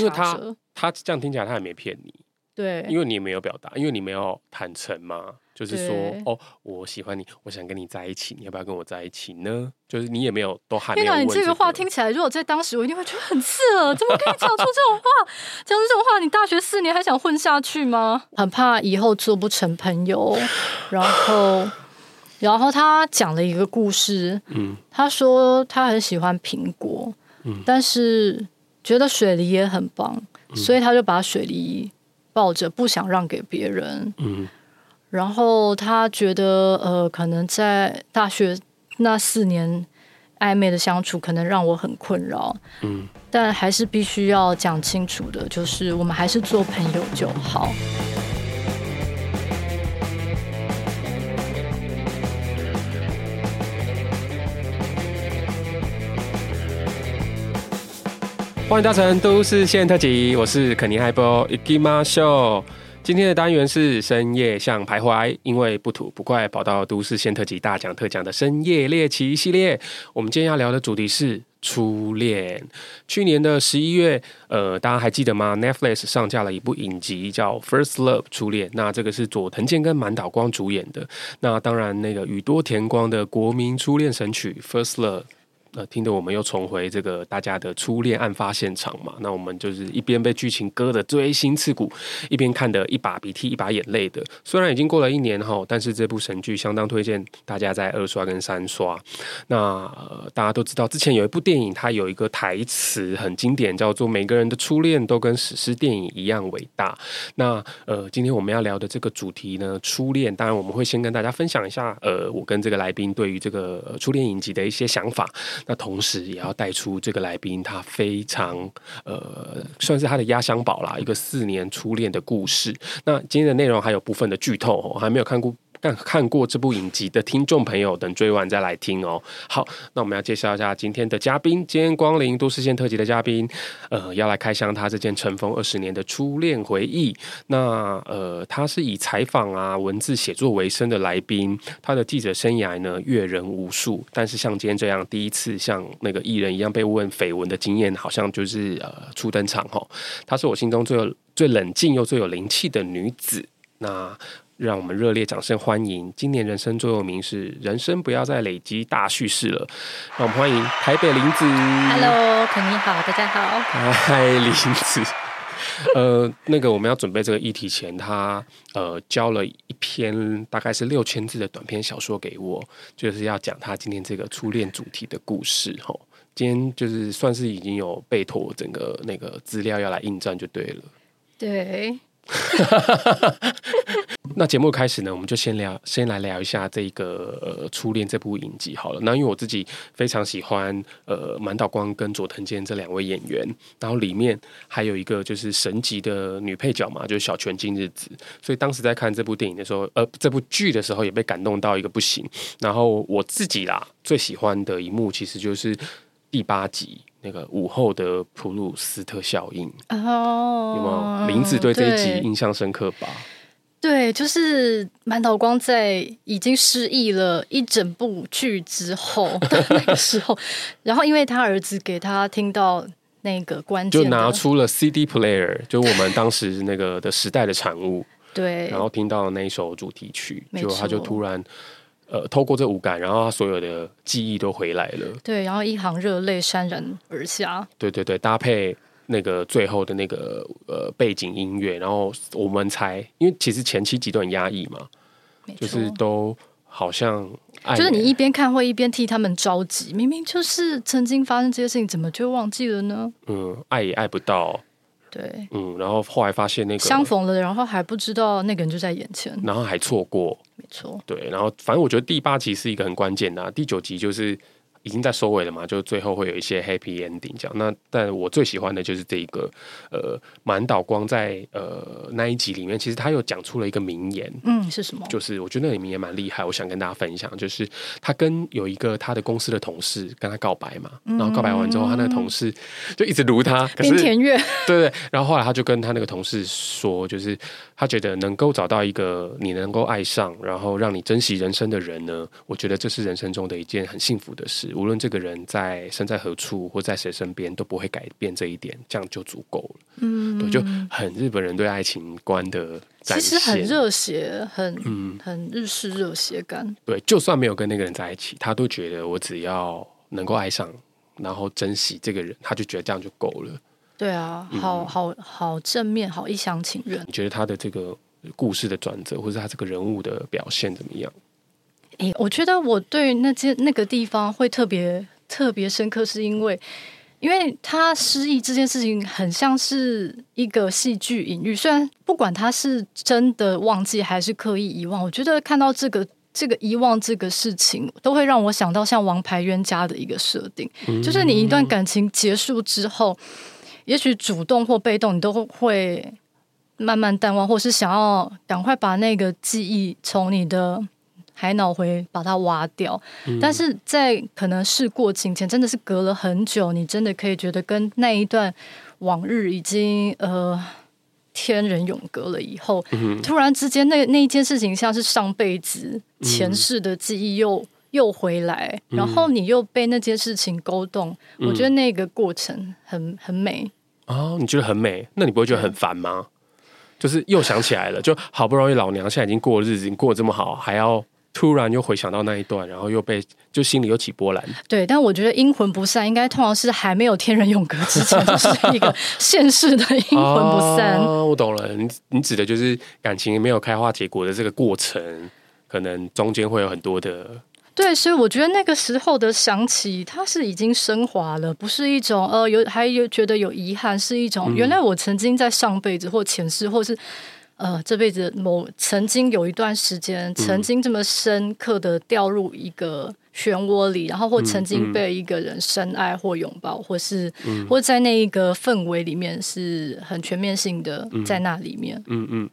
因為他者他這樣聽起來他還沒騙你，對，因為你也沒有表達，因為你沒有坦誠嘛，就是說對哦，我喜歡你，我想跟你在一起，你要不要跟我在一起呢？就是你也沒有都喊、這個。天哪，你這個話聽起來，如果在當時，我一定會覺得很刺耳。怎麼可以講出這種話？講 這種話，你大學四年還想混下去嗎？很怕以後做不成朋友。 然後，然後他講了一個故事，嗯，他說他很喜歡蘋果，嗯，但是。覺得水梨也很棒，嗯、所以他就把水梨抱着，不想讓給別人。嗯、然後他覺得，呃，可能在大學那四年曖昧的相處，可能讓我很困擾。嗯、但還是必須要講清楚的，就是我們還是做朋友就好。歡迎搭乘都市線特輯，我是肯尼海波 Ikimasho。今天的單元是深夜巷徘徊，因為不吐不快，跑到都市線特輯大講特講的深夜獵奇系列。我們今天要聊的主題是初戀。去年的十一月，呃，大家還記得嗎？Netflix 上架了一部影集叫《First Love》初戀。那這個是佐藤健跟滿島光主演的。那當然，那個宇多田光的國民初戀神曲《First Love》。呃，聽得我們又重回這個大家的初戀案發現場嘛？那我們就是一邊被劇情割得錐心刺骨，一邊看得一把鼻涕一把眼淚的。雖然已經過了一年哈，但是這部神劇相當推薦大家在二刷跟三刷。那，呃，大家都知道，之前有一部電影，它有一個台詞很經典，叫做“每個人的初戀都跟史詩電影一樣偉大”那。那呃，今天我們要聊的這個主題呢，初戀。當然，我們會先跟大家分享一下，呃，我跟這個來賓對於這個初戀影集的一些想法。那同時也要帶出這個來賓，他非常呃，算是他的壓箱寶啦，一個四年初戀的故事。那今天的內容還有部分的劇透哦，我還沒有看過。但看過這部影集的聽眾朋友，等追完再來聽哦。好，那我們要介紹一下今天的嘉賓。今天光臨都市線特輯的嘉賓，呃，要來開箱他這件塵封二十年的初戀回憶。那呃，他是以採訪啊、文字寫作為生的來賓，他的記者生涯呢閱人無數，但是像今天這樣第一次像那個藝人一樣被問緋聞的經驗，好像就是呃初登場哦，她是我心中最有最冷靜又最有靈氣的女子。那。讓我們熱烈掌聲歡迎。今年人生座右銘是“人生不要再累積大敘事了”。讓我們歡迎台北凜子。Hello，Kenny 好，大家好。嗨，凜子。呃，那個我們要準備這個議題前，他呃交了一篇大概是六千字的短篇小說給我，就是要講他今天這個初戀主題的故事。哈、哦，今天就是算是已經有備妥整個那個資料要來應戰就對了。對。 那節目開始呢，我們就先聊，先來聊一下這一個呃，《初戀》這部影集好了。那因為我自己非常喜歡呃滿島光跟佐藤健這兩位演員，然後裡面還有一個就是神級的女配角嘛，就是小泉今日子。所以當時在看這部電影的時候，呃，這部劇的時候也被感動到一個不行。然後我自己啦，最喜歡的一幕其實就是第八集那個午後的普魯斯特效應。哦、oh,，有沒有，林子對這一集印象深刻吧？對，就是滿島光在已經失憶了一整部劇之後 那個時候，然後因為他兒子給他聽到那個關鍵，就拿出了 CD player， 就我們當時那個的時代的產物。 對，然後聽到那一首主題曲，就錯他就突然呃透過這五感，然後他所有的記憶都回來了。對，然後一行熱淚潸然而下。對對對，搭配。那個最後的那個呃背景音樂，然後我們猜，因為其實前七集都很壓抑嘛，錯就是都好像，就是你一邊看會一邊替他們着急，明明就是曾經發生這些事情，怎麼就忘記了呢？嗯，愛也愛不到，對，嗯，然後後來發現那個相逢了，然後還不知道那個人就在眼前，然後還錯過，沒錯錯，對，然後反正我覺得第八集是一個很關鍵的、啊，第九集就是。已經在收尾了嘛？就最後會有一些 happy ending 這樣。那但我最喜歡的就是這一個呃，滿島光在呃那一集裡面，其實他又講出了一個名言，嗯，是什麼？就是我覺得那個名言蠻厲害，我想跟大家分享。就是他跟有一個他的公司的同事跟他告白嘛，嗯、然後告白完之後，嗯、他那個同事就一直盧他邊、嗯、是田月，對，對對。然後後來他就跟他那個同事說，就是他覺得能夠找到一個你能夠愛上，然後讓你珍惜人生的人呢，我覺得這是人生中的一件很幸福的事。無論這個人在身在何處或在誰身邊，都不會改變這一點，這樣就足夠了。嗯對，就很日本人對愛情觀的，其實很熱血，很、嗯、很日式熱血感。對，就算沒有跟那個人在一起，他都覺得我只要能夠愛上，然後珍惜這個人，他就覺得這樣就夠了。對啊，好、嗯、好好，正面，好一廂情願。你覺得他的這個故事的轉折，或是他這個人物的表現怎麼樣？我覺得我對那些那個地方會特別特別深刻，是因為，因為他失憶這件事情很像是一個戲劇隱喻。雖然不管他是真的忘記還是刻意遺忘，我覺得看到這個這個遺忘這個事情，都會讓我想到像《王牌冤家》的一個設定，就是你一段感情結束之後，也許主動或被動，你都會慢慢淡忘，或是想要趕快把那個記憶從你的。海腦回把它挖掉，嗯、但是在可能事過境遷，真的是隔了很久，你真的可以覺得跟那一段往日已經呃天人永隔了。以後、嗯、哼突然之間，那那一件事情像是上輩子、嗯、前世的記憶又又回來，嗯、然後你又被那件事情勾動，嗯、我覺得那個過程很很美啊、哦。你覺得很美，那你不會覺得很煩嗎？就是又想起來了，就好不容易老娘現在已經過日子，你過得這麼好，還要。突然又回想到那一段，然後又被就心裡又起波瀾。對，但我覺得陰魂不散應該通常是還沒有天人永隔之前，就是一個現世的陰魂不散。 哦、我懂了，你你指的就是感情沒有開花結果的這個過程，可能中間會有很多的。對，所以我覺得那個時候的想起，它是已經升華了，不是一種呃有還有覺得有遺憾，是一種、嗯、原來我曾經在上輩子或前世或是。呃，這輩子某曾經有一段時間，曾經這麼深刻的掉入一個漩渦裡，嗯、然後或曾經被一個人深愛或擁抱，嗯、或是、嗯、或在那一個氛圍裡面是很全面性的，在那裡面，嗯嗯嗯嗯，嗯嗯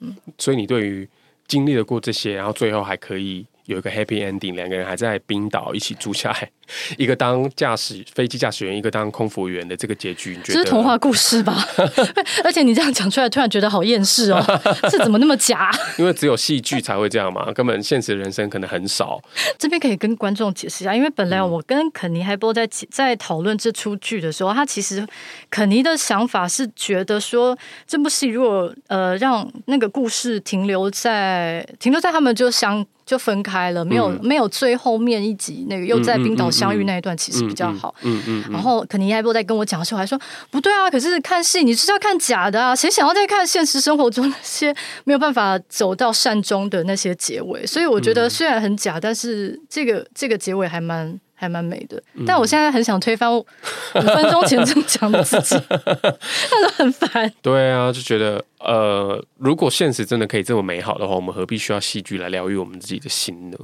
嗯嗯，所以你對於經歷了過這些，然後最後還可以。有一個 happy ending，兩個人還在冰島一起住下來，一個當駕駛飛機駕駛員，一個當空服員的這個結局，你覺得這是童話故事吧？ 而且你這樣講出來，突然覺得好厭世哦，這 怎麼那麼假？因為只有戲劇才會這樣嘛， 根本現實人生可能很少。這邊可以跟觀眾解釋一下，因為本來我跟肯尼·海波在在討論這出劇的時候，他其實肯尼的想法是覺得說，這部戲如果呃讓那個故事停留在停留在他們就相。就分開了，沒有沒有最後面一集那個又在冰島相遇那一段，其實比較好。嗯嗯。然後肯尼亞伯在跟我講的時候還說：“不對啊，可是看戲你是要看假的啊，誰想要再看現實生活中那些沒有辦法走到善終的那些結尾？”所以我覺得雖然很假，但是這個這個結尾還蠻。還蠻美的，但我現在很想推翻五分鐘前這麼講的事情， 他都很煩。對啊，就覺得呃，如果現實真的可以這麼美好的話，我們何必需要戲劇來療癒我們自己的心呢？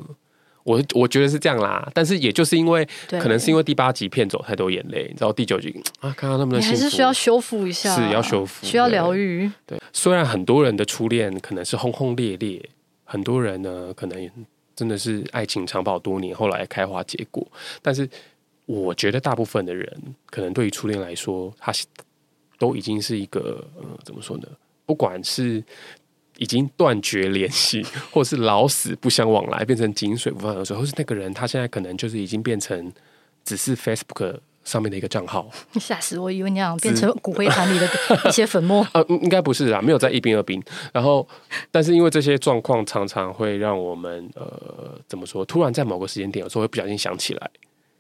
我我覺得是這樣啦。但是也就是因為，對可能是因為第八集騙走太多眼淚，你知道，第九集啊，看到那麼多你還是需要修復一下，啊，是要修復，需要療癒。對，雖然很多人的初戀可能是轟轟烈烈，很多人呢可能也。真的是愛情長跑多年，後來開花結果。但是，我覺得大部分的人，可能對於初戀來說，他都已經是一個，嗯，怎麼說呢？不管是已經斷絕聯繫，或是老死不相往來，變成井水不犯河水，或是那個人他現在可能就是已經變成只是 Facebook。上面的一個賬號，嚇死我！以為你想變成骨灰壇裡的一些粉末啊、 呃，應該不是啊，沒有在一兵二兵。然後，但是因為這些狀況常常會讓我們呃，怎麼說？突然在某個時間點，有時候會不小心想起來，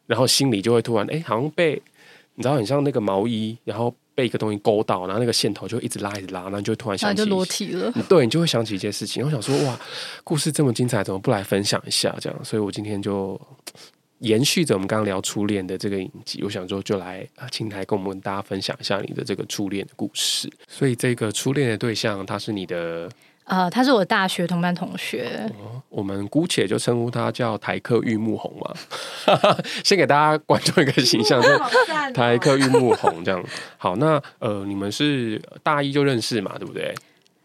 然後心裡就會突然哎、欸，好像被，你知道，很像那個毛衣，然後被一個東西勾到，然後那個線頭就會一直拉，一直拉，然後就會突然想起然後就裸體了，對你就會想起一件事情，我想說，哇，故事這麼精彩，怎麼不來分享一下？這樣，所以我今天就。延續着我們剛剛聊初戀的這個影集，我想說就來啊請台跟我們大家分享一下你的這個初戀的故事。所以這個初戀的對象他是你的、呃，他是我大學同班同學，哦、我們姑且就稱呼他叫台客玉木宏嘛， 先給大家觀眾一個形象，喔、台客玉木宏這樣。好，那呃你們是大一就認識嘛，對不對？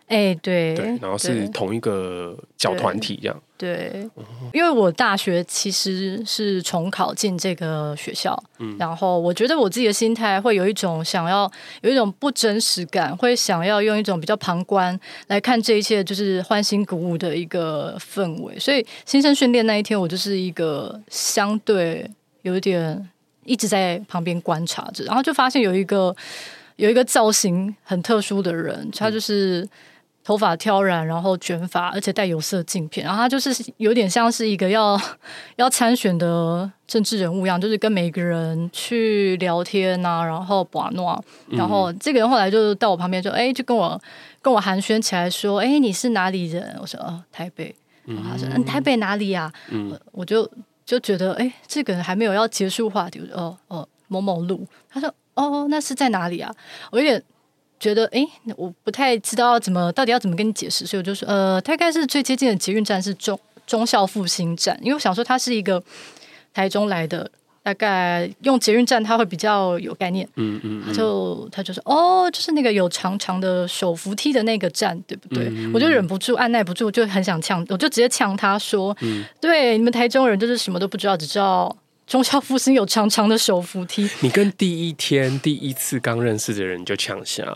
哎，欸、對，對，然後是同一個小團體一樣，對。對，因為我大學其實是重考進這個學校，嗯、然後我覺得我自己的心態會有一種想要有一種不真實感，會想要用一種比較旁觀來看這一切，就是歡欣鼓舞的一個氛圍。所以新生訓練那一天，我就是一個相對有點一直在旁邊觀察着，然後就發現有一個有一個造型很特殊的人，他就是。頭髮挑染，然後卷髮，而且戴有色鏡片，然後他就是有點像是一個要要參選的政治人物一樣，就是跟每個人去聊天吶、啊，然後把弄。然後這個人後來就到我旁邊就，就哎，就跟我跟我寒暄起來說，說哎，你是哪裡人？我說哦、呃，台北。他、嗯、說嗯，台北哪裡呀、啊？嗯、我就就覺得哎，這個人還沒有要結束話題，我說哦哦、呃呃，某某路。他說哦，那是在哪裡啊？我有點。覺得哎，我不太知道怎麼到底要怎麼跟你解釋，所以我就說，呃，大概是最接近的捷運站是忠、忠孝復興站，因為我想說它是一個台中來的，大概用捷運站它會比較有概念。嗯嗯，他、嗯、就、嗯、他就說，哦，就是那個有長長的手扶梯的那個站，對不對？嗯、我就忍不住按捺不住，就很想嗆，我就直接嗆他說，嗯、對，你們台中人就是什麼都不知道，只知道忠孝復興有長長的手扶梯。你跟第一天第一次剛認識的人就嗆下。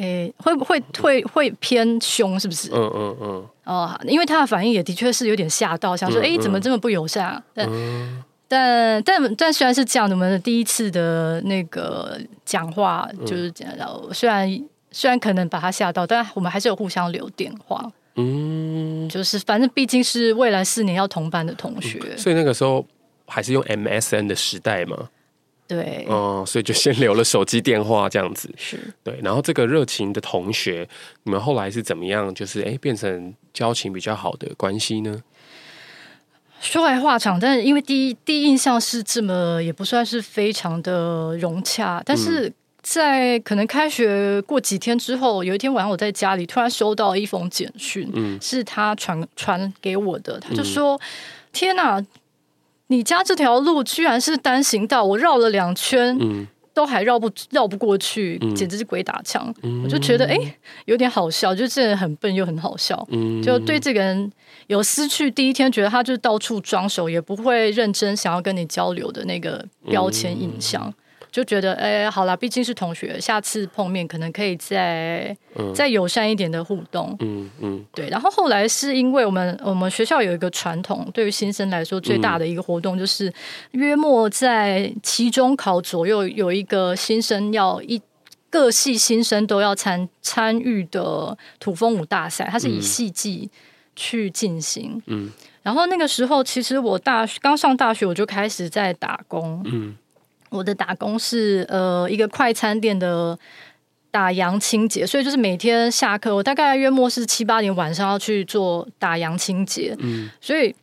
哎、欸，會不會會會偏兇？是不是？嗯嗯嗯。哦、嗯嗯啊，因為他的反應也的確是有點嚇到，想說，哎、嗯嗯，怎麼這麼不友善、啊？但、嗯、但但但雖然是這樣，我們的第一次的那個講話，就是這樣然後雖然雖然可能把他嚇到，但我們還是有互相留電話。嗯，就是反正畢竟是未來四年要同班的同學，嗯、所以那個時候還是用 MSN 的時代嗎？對，嗯、哦，所以就先留了手機電話這樣子。是對，然後這個熱情的同學，你們後來是怎麼樣？就是哎，變成交情比較好的關係呢？說來話長，但是因為第一第一印象是這麼也不算是非常的融洽，但是在可能開學過幾天之後，嗯、有一天晚上我在家裡突然收到一封簡訊，嗯，是他傳傳給我的，他就說：“嗯、天哪！”你家這條路居然是單行道，我繞了兩圈，嗯、都還繞不繞不過去，嗯、簡直是鬼打牆。嗯、我就覺得，誒、欸，有點好笑，就是真的很笨又很好笑。就對這個人有失去第一天，覺得他就到處裝熟，也不會認真想要跟你交流的那個標籤印象。嗯嗯就覺得哎、欸，好了，畢竟是同學，下次碰面可能可以再、嗯、再友善一點的互動。嗯嗯，嗯對。然後後來是因為我們我們學校有一個傳統，對於新生來說最大的一個活動就是、嗯、約莫在期中考左右有一個新生要一個系新生都要參參與的土風舞大賽，它是以系際去進行。嗯，然後那個時候其實我大剛上大學我就開始在打工。嗯。我的打工是呃一個快餐店的打烊清潔，所以就是每天下課，我大概約莫是七八點晚上要去做打烊清潔，嗯，所以。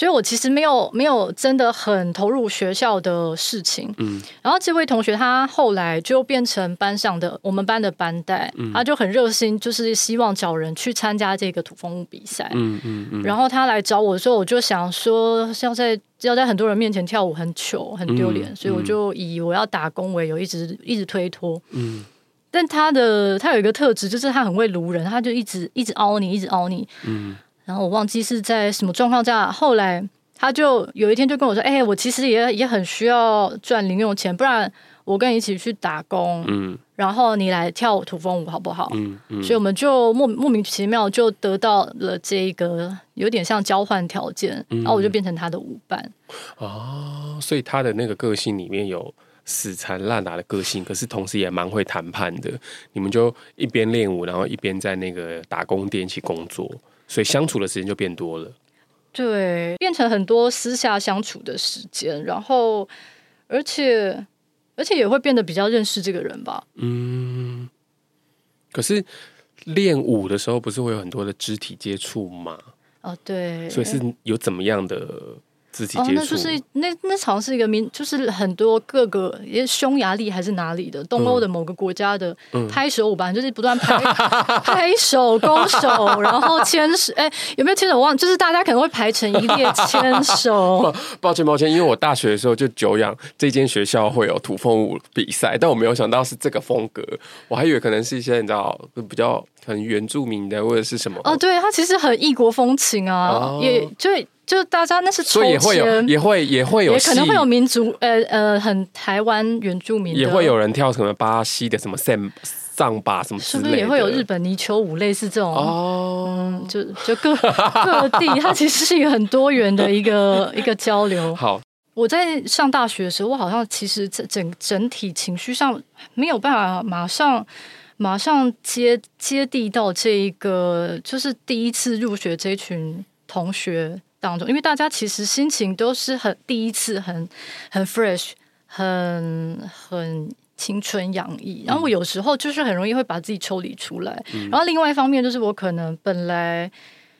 所以，我其實沒有沒有真的很投入學校的事情。嗯，然後這位同學他後來就變成班上的我們班的班代，嗯、他就很熱心，就是希望找人去參加這個土風舞比賽。嗯嗯嗯。嗯嗯然後他來找我的時候，我就想說，像在要在很多人面前跳舞很糗、很丟臉，嗯、所以我就以我要打工為由一直一直推脫。嗯。但他的他有一個特質，就是他很會盧人，他就一直一直凹你，一直凹你。嗯。然後我忘記是在什麼狀況下，後來他就有一天就跟我說：“哎、欸，我其實也也很需要賺零用錢，不然我跟你一起去打工。”嗯，然後你來跳土風舞好不好？嗯，嗯，所以我們就莫莫名其妙就得到了這一個有點像交換條件，然後我就變成他的舞伴。啊、嗯哦，所以他的那個個性裡面有死纏爛打的個性，可是同時也蠻會談判的。你們就一邊練舞，然後一邊在那個打工店一起工作。所以相處的時間就變多了，對，變成很多私下相處的時間，然後而且而且也會變得比較認識這個人吧。嗯，可是練舞的時候不是會有很多的肢體接觸嗎？啊、哦，對，所以是有怎麼樣的？哦，那、就是那那好像是一個名，就是很多各個也匈牙利還是哪裡的東歐的某個國家的拍手舞吧，嗯嗯，就是不斷拍拍手、拱手，然後牽手。哎、欸，有沒有牽手？我忘。就是大家可能會排成一列牽手。 抱歉抱歉，因為我大學的時候就久仰這間學校會有土風舞比賽，但我沒有想到是這個風格，我還以為可能是一些你知道比較很原住民的或者是什麼。哦，對，它其實很異國風情啊，哦、也就。就是大家那是抽籤，所以也會有，也會也會有，也可能會有民族，呃呃，很台灣原住民，也會有人跳什麼巴西的什麼 Samba 桑巴什麼，是不是也會有日本泥鰍舞類似這種？哦、oh, 嗯，就就各 各地，它其實是一個很多元的一個 一個交流。好，我在上大學的時候，我好像其實整整體情緒上沒有辦法馬上馬上接接地到這一個，就是第一次入學這一群。同學當中，因為大家其實心情都是很第一次很，很 fresh, 很 fresh，很很青春洋溢。然後我有時候就是很容易會把自己抽離出來。嗯、然後另外一方面就是我可能本來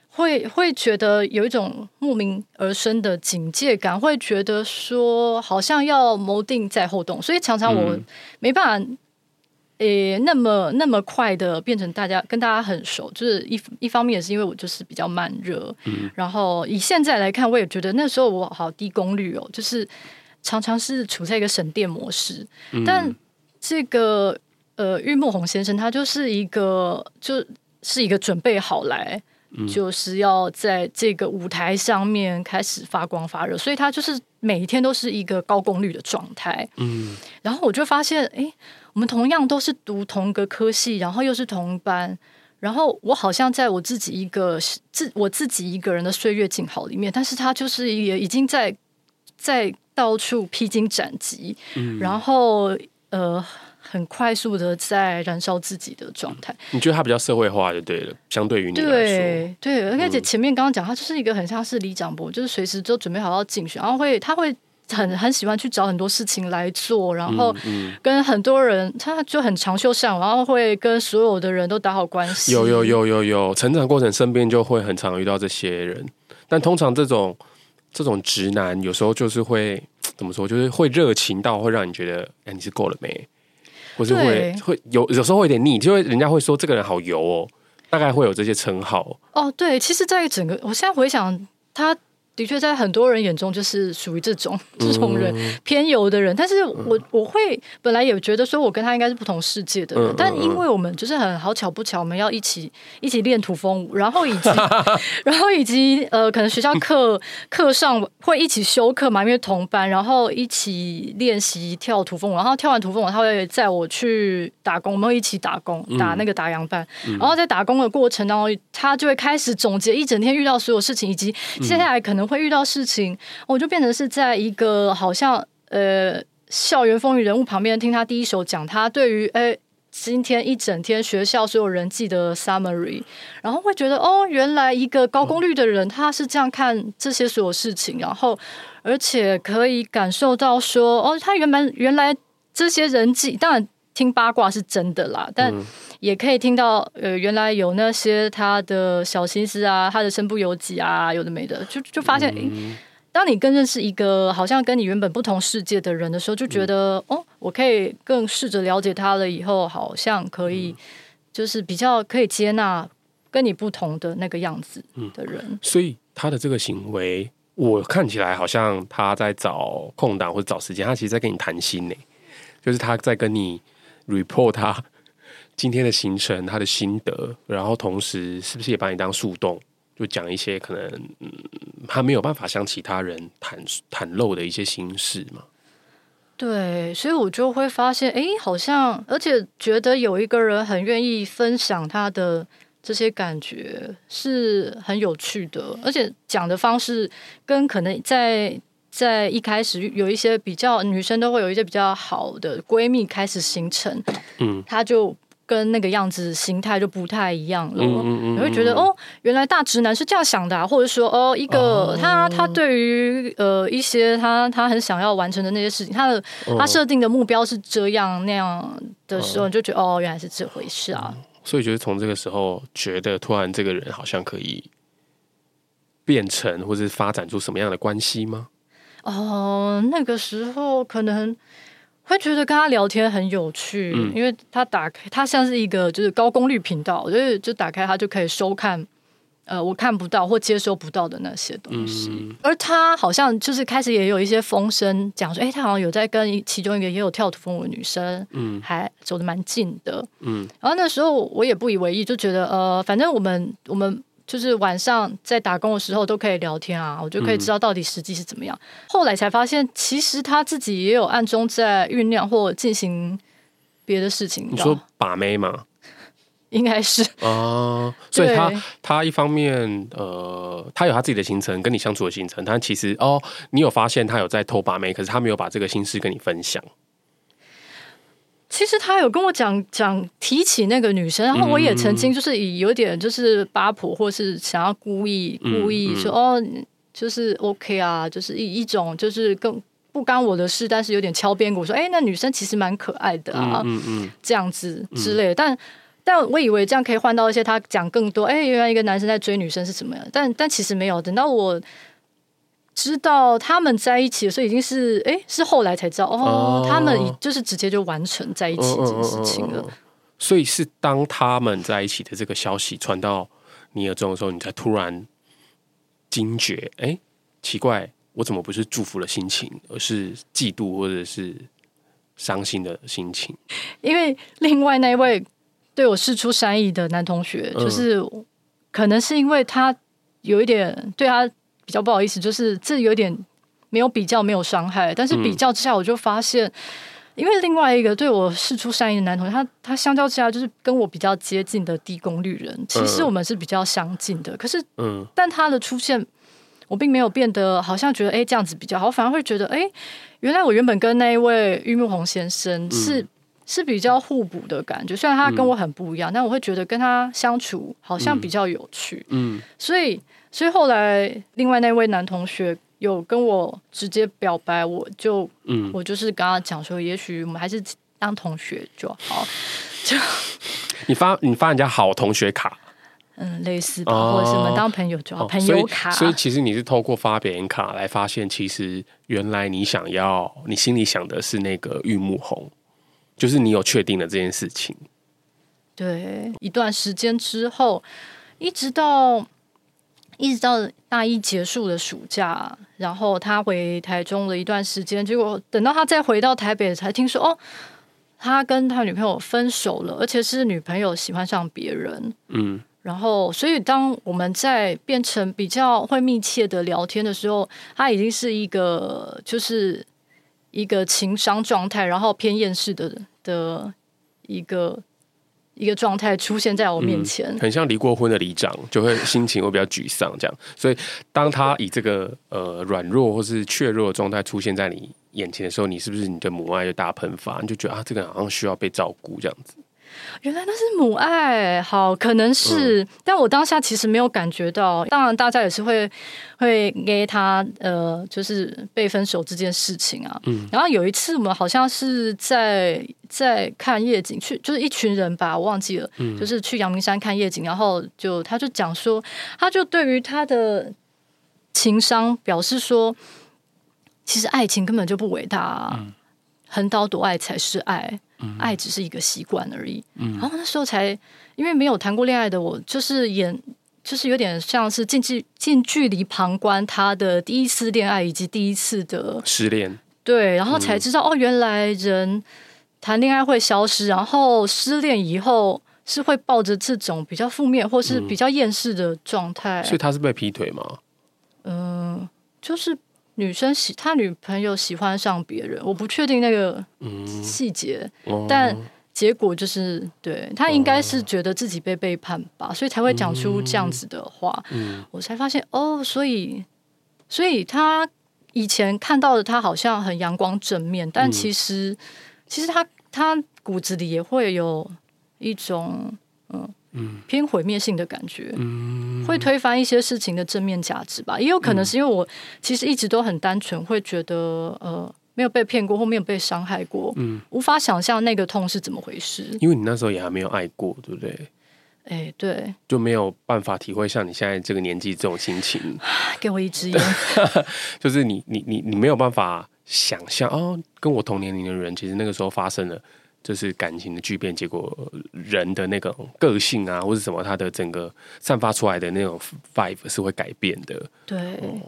會會覺得有一種莫名而生的警戒感，會覺得說好像要謀定再後動，所以常常我沒辦法，誒、欸，那麼那麼快的變成大家跟大家很熟，就是一一方面，也是因為我就是比較慢熱，嗯、然後以現在來看，我也覺得那時候我好低功率哦，就是常常是處在一個省電模式。嗯、但這個呃，玉木宏先生他就是一個就是一個準備好來，嗯、就是要在這個舞台上面開始發光發熱，所以他就是每一天都是一個高功率的狀態。嗯，然後我就發現，哎、欸。我們同樣都是讀同一個科系，然後又是同班，然後我好像在我自己一個自我自己一個人的歲月靜好裡面，但是他就是也已經在在到處披荊斬棘，然後呃很快速的在燃燒自己的狀態，嗯。你覺得他比較社會化就對了，相對於你來說，對，對，而且前面剛剛講他就是一個很像是里長伯，嗯、就是隨時都準備好要競選，然後會他會。很很喜歡去找很多事情來做，然後跟很多人，他就很長袖善舞，然後會跟所有的人都打好關係。有有有有有，成長過程身邊就會很常遇到這些人。但通常這種這種直男，有時候就是會怎麼說？就是會熱情到會讓你覺得，哎，你是夠了沒？或是會對會有有時候會有點膩，就會人家會說這個人好油哦大概會有這些稱號。哦，對，其實，在整個我現在回想他。的確，在很多人眼中就是屬於這種這種人偏油的人。但是我我會本來也覺得說，我跟他應該是不同世界的人。但因為我們就是很好巧不巧，我們要一起一起練土風舞，然後以及 然後以及呃，可能學校課課上會一起修課嘛，因為同班，然後一起練習跳土風舞。然後跳完土風舞，他會載我去打工，我們會一起打工打那個打烊班。然後在打工的過程當中，他就會開始總結一整天遇到所有事情，以及接下來可能會。會遇到事情，我、哦、就變成是在一個好像呃校園風雲人物旁邊，聽他第一手講他對於哎今天一整天學校所有人際的 summary，然後會覺得哦，原來一個高功率的人他是這樣看這些所有事情，然後而且可以感受到說哦，他原本原來這些人際當然。聽八卦是真的啦，但也可以聽到，呃，原來有那些他的小心思啊，他的身不由己啊，有的沒的，就就發現、嗯、欸，當你更認識一個好像跟你原本不同世界的人的時候，就覺得，嗯、哦，我可以更試着了解他了，以後好像可以，嗯、就是比較可以接納跟你不同的那個樣子的人。所以他的這個行為，我看起來好像他在找空檔或者找時間，他其實在跟你談心呢、欸，就是他在跟你。report 他今天的行程，他的心得，然後同時是不是也把你當樹洞，就講一些可能嗯，他沒有辦法向其他人坦袒露的一些心事嘛？對，所以我就會發現，誒，好像而且覺得有一個人很願意分享他的這些感覺，是很有趣的，而且講的方式跟可能在。在一開始有一些比較女生都會有一些比較好的閨蜜開始形成，嗯，她就跟那個樣子形態就不太一樣了。你會覺得哦，原來大直男是這樣想的、啊，或者說哦，一個、哦、他他對於呃一些他他很想要完成的那些事情，他的他設定的目標是這樣、嗯、那樣的時候，你就覺得哦，原來是這回事啊。嗯、所以，就是從這個時候覺得突然這個人好像可以變成或者發展出什麼樣的關係嗎？哦，uh, 那個時候可能會覺得跟他聊天很有趣，嗯、因為他打開他像是一個就是高功率頻道，就是就打開他就可以收看呃我看不到或接收不到的那些東西。嗯、而他好像就是開始也有一些風聲講說，哎，他好像有在跟其中一個也有跳土風舞的女生，嗯，還走得蠻近的，嗯。然後那時候我也不以為意，就覺得呃，反正我們我們。就是晚上在打工的時候都可以聊天啊，我就可以知道到底實際是怎麼樣。嗯、後來才發現，其實他自己也有暗中在醞釀或進行別的事情。你,你說把妹嘛？應該該是啊， 對所以他他一方面呃，他有他自己的行程，跟你相處的行程，但其實哦，你有發現他有在偷把妹，可是他沒有把這個心事跟你分享。其實他有跟我講講提起那個女生，然後我也曾經就是以有點就是八婆，或是想要故意故意說、嗯嗯、哦，就是 OK 啊，就是一一種就是更不干我的事，但是有點敲邊鼓說，哎，那女生其實蠻可愛的啊，嗯嗯嗯、這樣子之類的。但但我以為這樣可以換到一些他講更多，哎，原來一個男生在追女生是怎麼樣？但但其實沒有，等到我。知道他們在一起，所以已經是哎、欸，是後來才知道哦。Oh, 他們就是直接就完成在一起這件事情了。Oh, oh, oh, oh, oh. 所以是當他們在一起的這個消息傳到你耳中的時候，你才突然驚覺，哎、欸，奇怪，我怎麼不是祝福的心情，而是嫉妒或者是傷心的心情？因為另外那一位對我釋出善意的男同學，就是可能是因為他有一點對他。比較不好意思，就是這有點沒有比較，沒有傷害。但是比較之下，我就發現，嗯、因為另外一個對我事出善意的男同學，他他相較之下就是跟我比較接近的低功率人，其實我們是比較相近的。嗯、可是，嗯，但他的出現，我並沒有變得好像覺得哎、欸、這樣子比較好，反而會覺得哎、欸，原來我原本跟那一位玉木宏先生是、嗯、是比較互補的感覺。雖然他跟我很不一樣，嗯、但我會覺得跟他相處好像比較有趣。嗯，嗯，所以。所以後來，另外那位男同學有跟我直接表白，我就，嗯，我就是跟他講說，也許我們還是當同學就好。就你發你發人家好同學卡，嗯，類似的或什麼當朋友就好，啊，朋友卡、哦。所以，所以其實你是透過發別人卡來發現，其實原來你想要，你心裡想的是那個玉木紅，就是你有確定了這件事情。對，一段時間之後，一直到。一直到大一結束的暑假，然後他回台中了一段時間。結果等到他再回到台北，才聽說哦，他跟他女朋友分手了，而且是女朋友喜歡上別人。嗯，然後所以當我們在變成比較會密切的聊天的時候，他已經是一個就是一個情商狀態，然後偏厭世的的一個。一個狀態出現在我面前，嗯，很像離過婚的里長，就會心情會比較沮喪這樣。所以，當他以這個呃軟弱或是怯弱的狀態出現在你眼前的時候，你是不是你的母愛就大噴發，你就覺得啊，這個好像需要被照顧這樣子？原來那是母愛，好，可能是，哦、但我當下其實沒有感覺到。當然，大家也是會會給他，呃，就是被分手這件事情啊。嗯、然後有一次我們好像是在在看夜景，去就是一群人吧，我忘記了，嗯、就是去陽明山看夜景，然後就他就講說，他就對於他的情商表示說，其實愛情根本就不偉大，嗯、橫刀奪愛才是愛。嗯、愛只是一個習慣而已。嗯、然後那時候才，因為沒有談過戀愛的我，就是演，就是有點像是近距近距離旁觀他的第一次戀愛以及第一次的失戀。對，然後才知道、嗯、哦，原來人談戀愛會消失，然後失戀以後是會抱着這種比較負面或是比較厭世的狀態、嗯。所以他是被劈腿嗎？嗯、呃，就是。女生喜他女朋友喜歡上別人，我不確定那個細節，嗯嗯、但結果就是，對，他應該是覺得自己被背叛吧，嗯、所以才會講出這樣子的話。嗯嗯、我才發現哦，所以所以他以前看到的他好像很陽光正面，但其實、嗯、其實他他骨子裡也會有一種嗯。嗯，偏毀滅性的感覺，嗯，會推翻一些事情的正面價值吧。也有可能是因為我其實一直都很單純，會覺得、嗯、呃，沒有被騙過，或沒有被傷害過，嗯，無法想象那個痛是怎麼回事。因為你那時候也還沒有愛過，對不對？哎、欸，對，就沒有辦法體會像你現在這個年紀這種心情。給我一支菸， 就是你，你，你，你沒有辦法想象哦，跟我同年齡的人，其實那個時候發生了。就是感情的巨變，結果人的那個個性啊，或者什麼，他的整個散發出來的那種 vibe 是會改變的。對哦、嗯，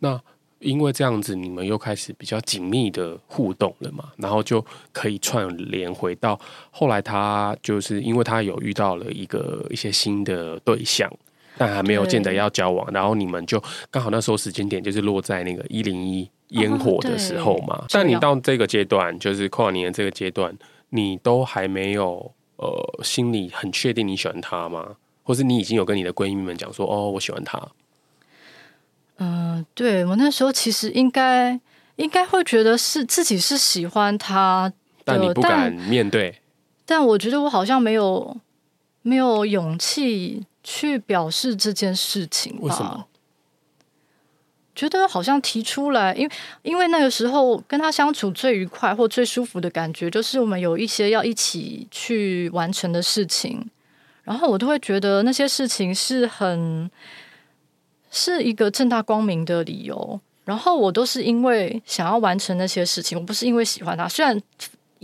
那因為這樣子，你們又開始比較緊密的互動了嘛，然後就可以串聯回到後來，他就是因為他有遇到了一個一些新的對象，但還沒有見得要交往，對然後你們就剛好那時候時間點就是落在那個一零一煙火的時候嘛。哦、但你到這個階段，就是跨年這個階段。你都還沒有呃，心裡很確定你喜歡他嗎？或是你已經有跟你的閨蜜們講說，哦，我喜歡他。嗯、呃，對我那時候其實應該應該會覺得是自己是喜歡他的，但你不敢面對但。但我覺得我好像沒有沒有勇氣去表示這件事情，為什麼？覺得好像提出來，因為因為那個時候跟他相處最愉快或最舒服的感覺，就是我們有一些要一起去完成的事情，然後我都會覺得那些事情是很是一個正大光明的理由，然後我都是因為想要完成那些事情，我不是因為喜歡他，雖然。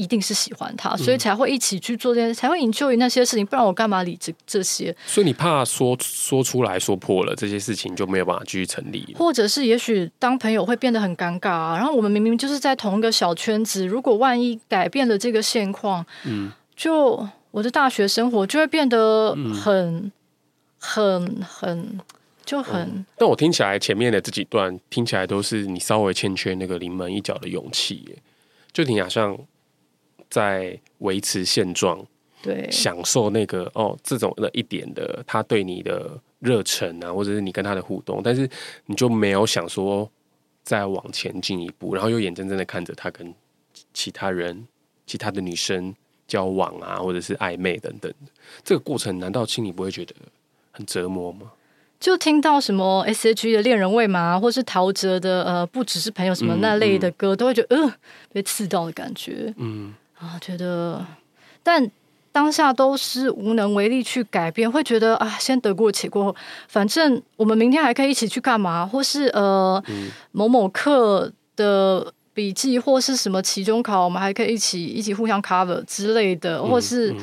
一定是喜歡他，所以才會一起去做這件事，嗯、才會研於那些事情。不然我幹嘛理這這些？所以你怕說說出來說破了，這些事情就沒有辦法繼續成立。或者是也許當朋友會變得很尷尬啊。然後我們明明就是在同一個小圈子，如果萬一改變了這個現況，嗯，就我的大學生活就會變得很，嗯，很、很，就很，嗯。但我聽起來前面的這幾段聽起來都是你稍微欠缺那個臨門一腳的勇氣，就挺想。像。在維持現狀，對，享受那個哦這種的一點的他對你的熱忱啊，或者是你跟他的互動，但是你就沒有想說再往前進一步，然後又眼睜睜的看着他跟其他人，其他的女生交往啊，或者是曖昧等等這個過程，難道凜子你不會覺得很折磨嗎？就聽到什麼 S.H.E 的戀人未滿嘛，或是陶喆的呃不只是朋友什麼那類的歌，嗯嗯、都會覺得嗯、呃，被刺到的感覺，嗯。啊，覺得，但當下都是無能為力去改變，會覺得啊，先得過且過，反正我們明天還可以一起去幹嘛？或是呃，嗯、某某課的筆記，或是什麼期中考，我們還可以一起一起互相 cover 之類的，或是、嗯嗯、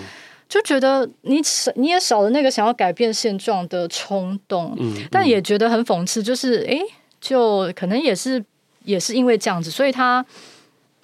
就覺得你少你也少了那個想要改變現狀的衝動，嗯嗯、但也覺得很諷刺，就是哎，就可能也是也是因為這樣子，所以他。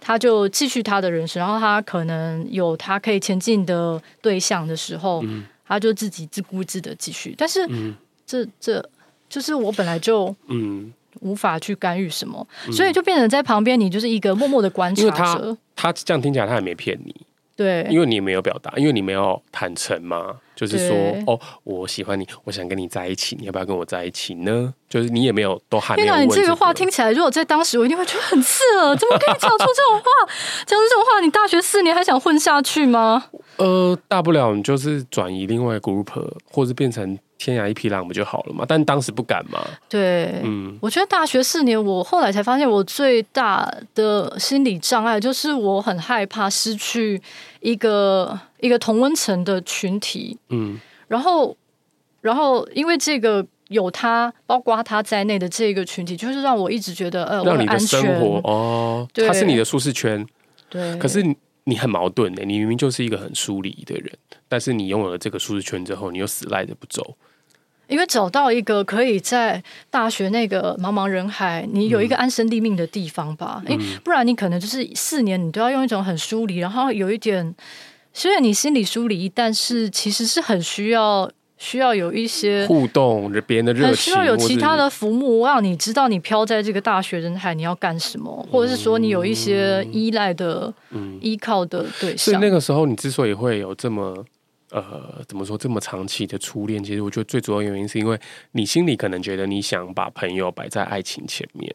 他就繼續他的人生，然後他可能有他可以前進的對象的時候，嗯、他就自己自顧自的繼續。但是這，嗯、這這就是我本來就嗯無法去干預什麼，嗯、所以就變成在旁邊，你就是一個默默的觀察者。他，他這樣聽起來，他也沒騙你。對，因為你沒有表達，因為你沒有坦誠嘛，就是說，對哦，我喜歡你，我想跟你在一起，你要不要跟我在一起呢？就是你也沒有都還，這個。天哪，你這個話聽起來，如果在當時，我一定會覺得很刺耳。怎麼跟你講出這種話？講出 這種話，你大學四年還想混下去嗎？呃，大不了你就是轉移另外個 group，或者變成。天涯一匹狼不就好了嗎？但當時不敢嘛。對，嗯，我覺得大學四年，我後來才發現，我最大的心理障礙就是我很害怕失去一個一個同溫層的群體。嗯，然後，然後，因為這個有他，包括他在內的這個群體，就是讓我一直覺得，呃，讓你的生活，我很安全。哦，對他是你的舒適圈。對，可是你很矛盾的，你明明就是一個很疏離的人，但是你擁有了這個舒適圈之後，你又死賴着不走。因為找到一個可以在大學那個茫茫人海，你有一個安身立命的地方吧。嗯、因不然你可能就是四年，你都要用一種很疏離，然後有一點，雖然你心裡疏離，但是其實是很需要需要有一些互動，別人的熱情，需要有其他的服務是讓你知道你飄在這個大學人海你要幹什麼，嗯、或者是說你有一些依賴的、嗯、依靠的對象。所以那個時候，你之所以會有這麼。呃，怎麼說這麼長期的初戀？其實我覺得最主要原因是因為你心裡可能覺得你想把朋友擺在愛情前面，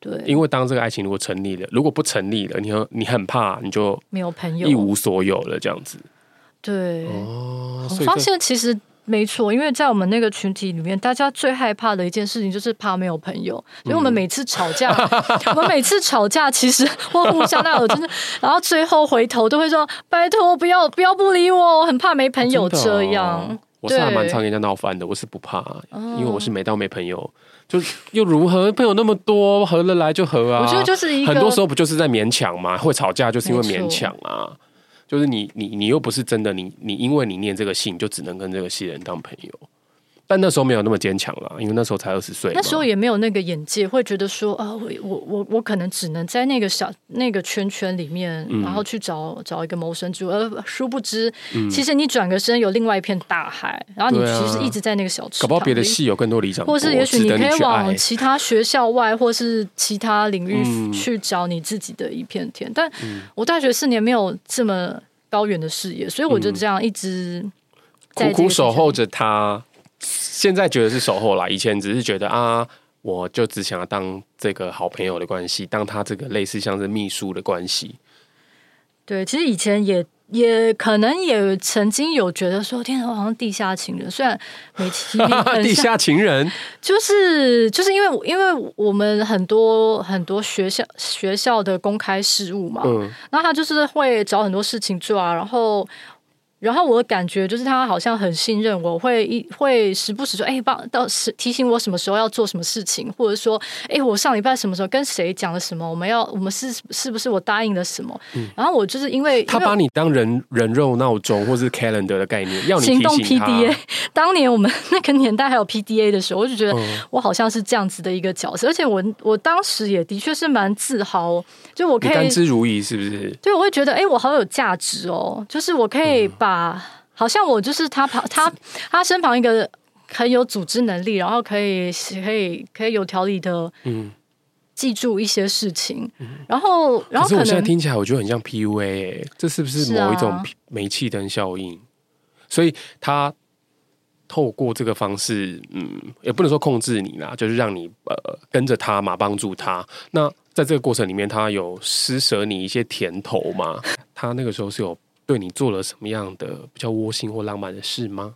對，因為當這個愛情如果成立了，如果不成立了，你你很怕你就沒有朋友，一無所有了這樣子，對，哦，所以我發現其實。沒錯，因為在我們那個群體裡面，大家最害怕的一件事情就是怕沒有朋友。因為、嗯、我們每次吵架， 我們每次吵架，其實會互相那我真的，然後最後回頭都會說：“拜託，不要不要不理我，我很怕沒朋友。啊”哦、這樣，我是還蠻常跟人家鬧翻的，我是不怕，嗯、因為我是沒到沒朋友，就又如何，朋友那麼多，合得來就合啊。我覺得就是一個很多時候不就是在勉強嘛，會吵架就是因為勉強啊。就是你，你，你又不是真的，你，你因為你念這個系，就只能跟這個系人當朋友。但那時候沒有那麼堅強了，因為那時候才二十歲。那時候也沒有那個眼界，會覺得說啊、呃，我我我我可能只能在那個小那個圈圈裡面，嗯、然後去找找一個謀生之路。而殊不知，嗯、其實你轉個身有另外一片大海。然後你其實一直在那個小圈、啊。搞不好別的系有更多理想，或是也許你可以往其他學校外，或是其他領域去找你自己的一片天。嗯、但我大學四年沒有這麼高遠的視野，所以我就這樣一直在苦苦守候着他。現在覺得是守候啦，以前只是覺得啊，我就只想要當這個好朋友的關係，當他這個類似像是秘書的關係。對，其實以前也也可能也曾經有覺得說，天哪，好像地下情人，雖然沒提。 地下情人就是就是因為因為我們很多很多學校學校的公開事務嘛，嗯，那他就是會找很多事情做啊，然後。然後我的感覺就是他好像很信任我，會一會時不時說：“哎，幫到時提醒我什麼時候要做什麼事情，或者說，哎，我上禮拜什麼時候跟誰講了什麼？我們要我們是是不是我答應了什麼？”然後我就是因為他把你當人人肉鬧鐘，或是 calendar 的概念，要你行動 PDA。當年我們那個年代還有 PDA 的時候，我就覺得我好像是這樣子的一個角色，而且我我當時也的確是蠻自豪哦，就我可以甘之如飴，是不是？對，我會覺得哎，我好有價值哦，就是我可以把。啊，好像我就是他旁，他他身旁一個很有組織能力，然後可以可以可以有條理的，嗯，記住一些事情，嗯、然後然後可能可是我現在聽起來我覺得很像 PUA 欸，這是不是某一種煤氣燈效應？是啊、所以他透過這個方式，嗯，也不能說控制你啦，就是讓你呃跟着他嘛，幫助他。那在這個過程裡面，他有施捨你一些甜頭嘛？他那個時候是有。對你做了什麼樣的比較窩心或浪漫的事嗎？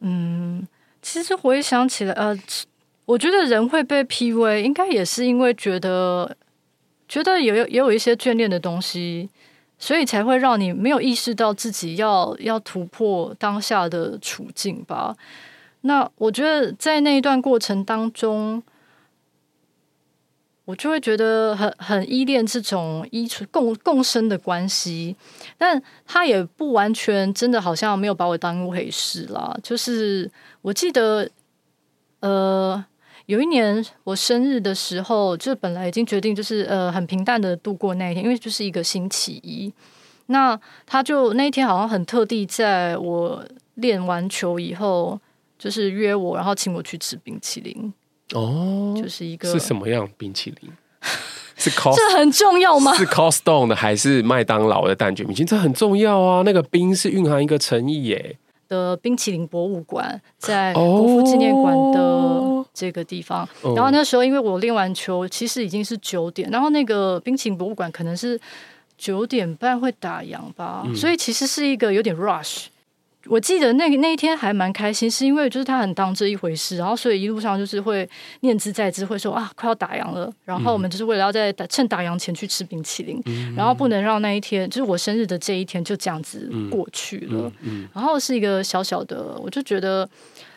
嗯，其實回想起來，呃，我覺得人會被 PUA，應該也是因為覺得覺得也有也有一些眷戀的東西，所以才會讓你沒有意識到自己要要突破當下的處境吧。那我覺得在那一段過程當中，我就會覺得很很依戀這種依存共共生的關係，但他也不完全真的好像沒有把我當一回事啦。就是我記得，呃，有一年我生日的時候，就本來已經決定就是呃很平淡的度過那一天，因為就是一個星期一。那他就那一天好像很特地在我練完球以後，就是約我，然後請我去吃冰淇淋。哦，oh, 就是一個是什麼樣冰淇淋？ 是 Cost， 這很重要嗎？是 Costco 的還是麥當勞的蛋卷冰淇淋？這很重要啊！那個冰是蘊含一個誠意耶、欸、的冰淇淋博物館，在國父紀念館的這個地方。Oh, 然後那時候因為我練完球，其實已經是九點，然後那個冰淇淋博物館可能是九點半會打烊吧，嗯、所以其實是一個有點 rush。我記得那個那一天還蠻開心，是因為就是他很當這一回事，然後所以一路上就是會念茲在茲，會說啊快要打烊了，然後我們就是為了要在打趁打烊前去吃冰淇淋，嗯、然後不能讓那一天就是我生日的這一天就這樣子過去了，嗯嗯嗯、然後是一個小小的，我就覺得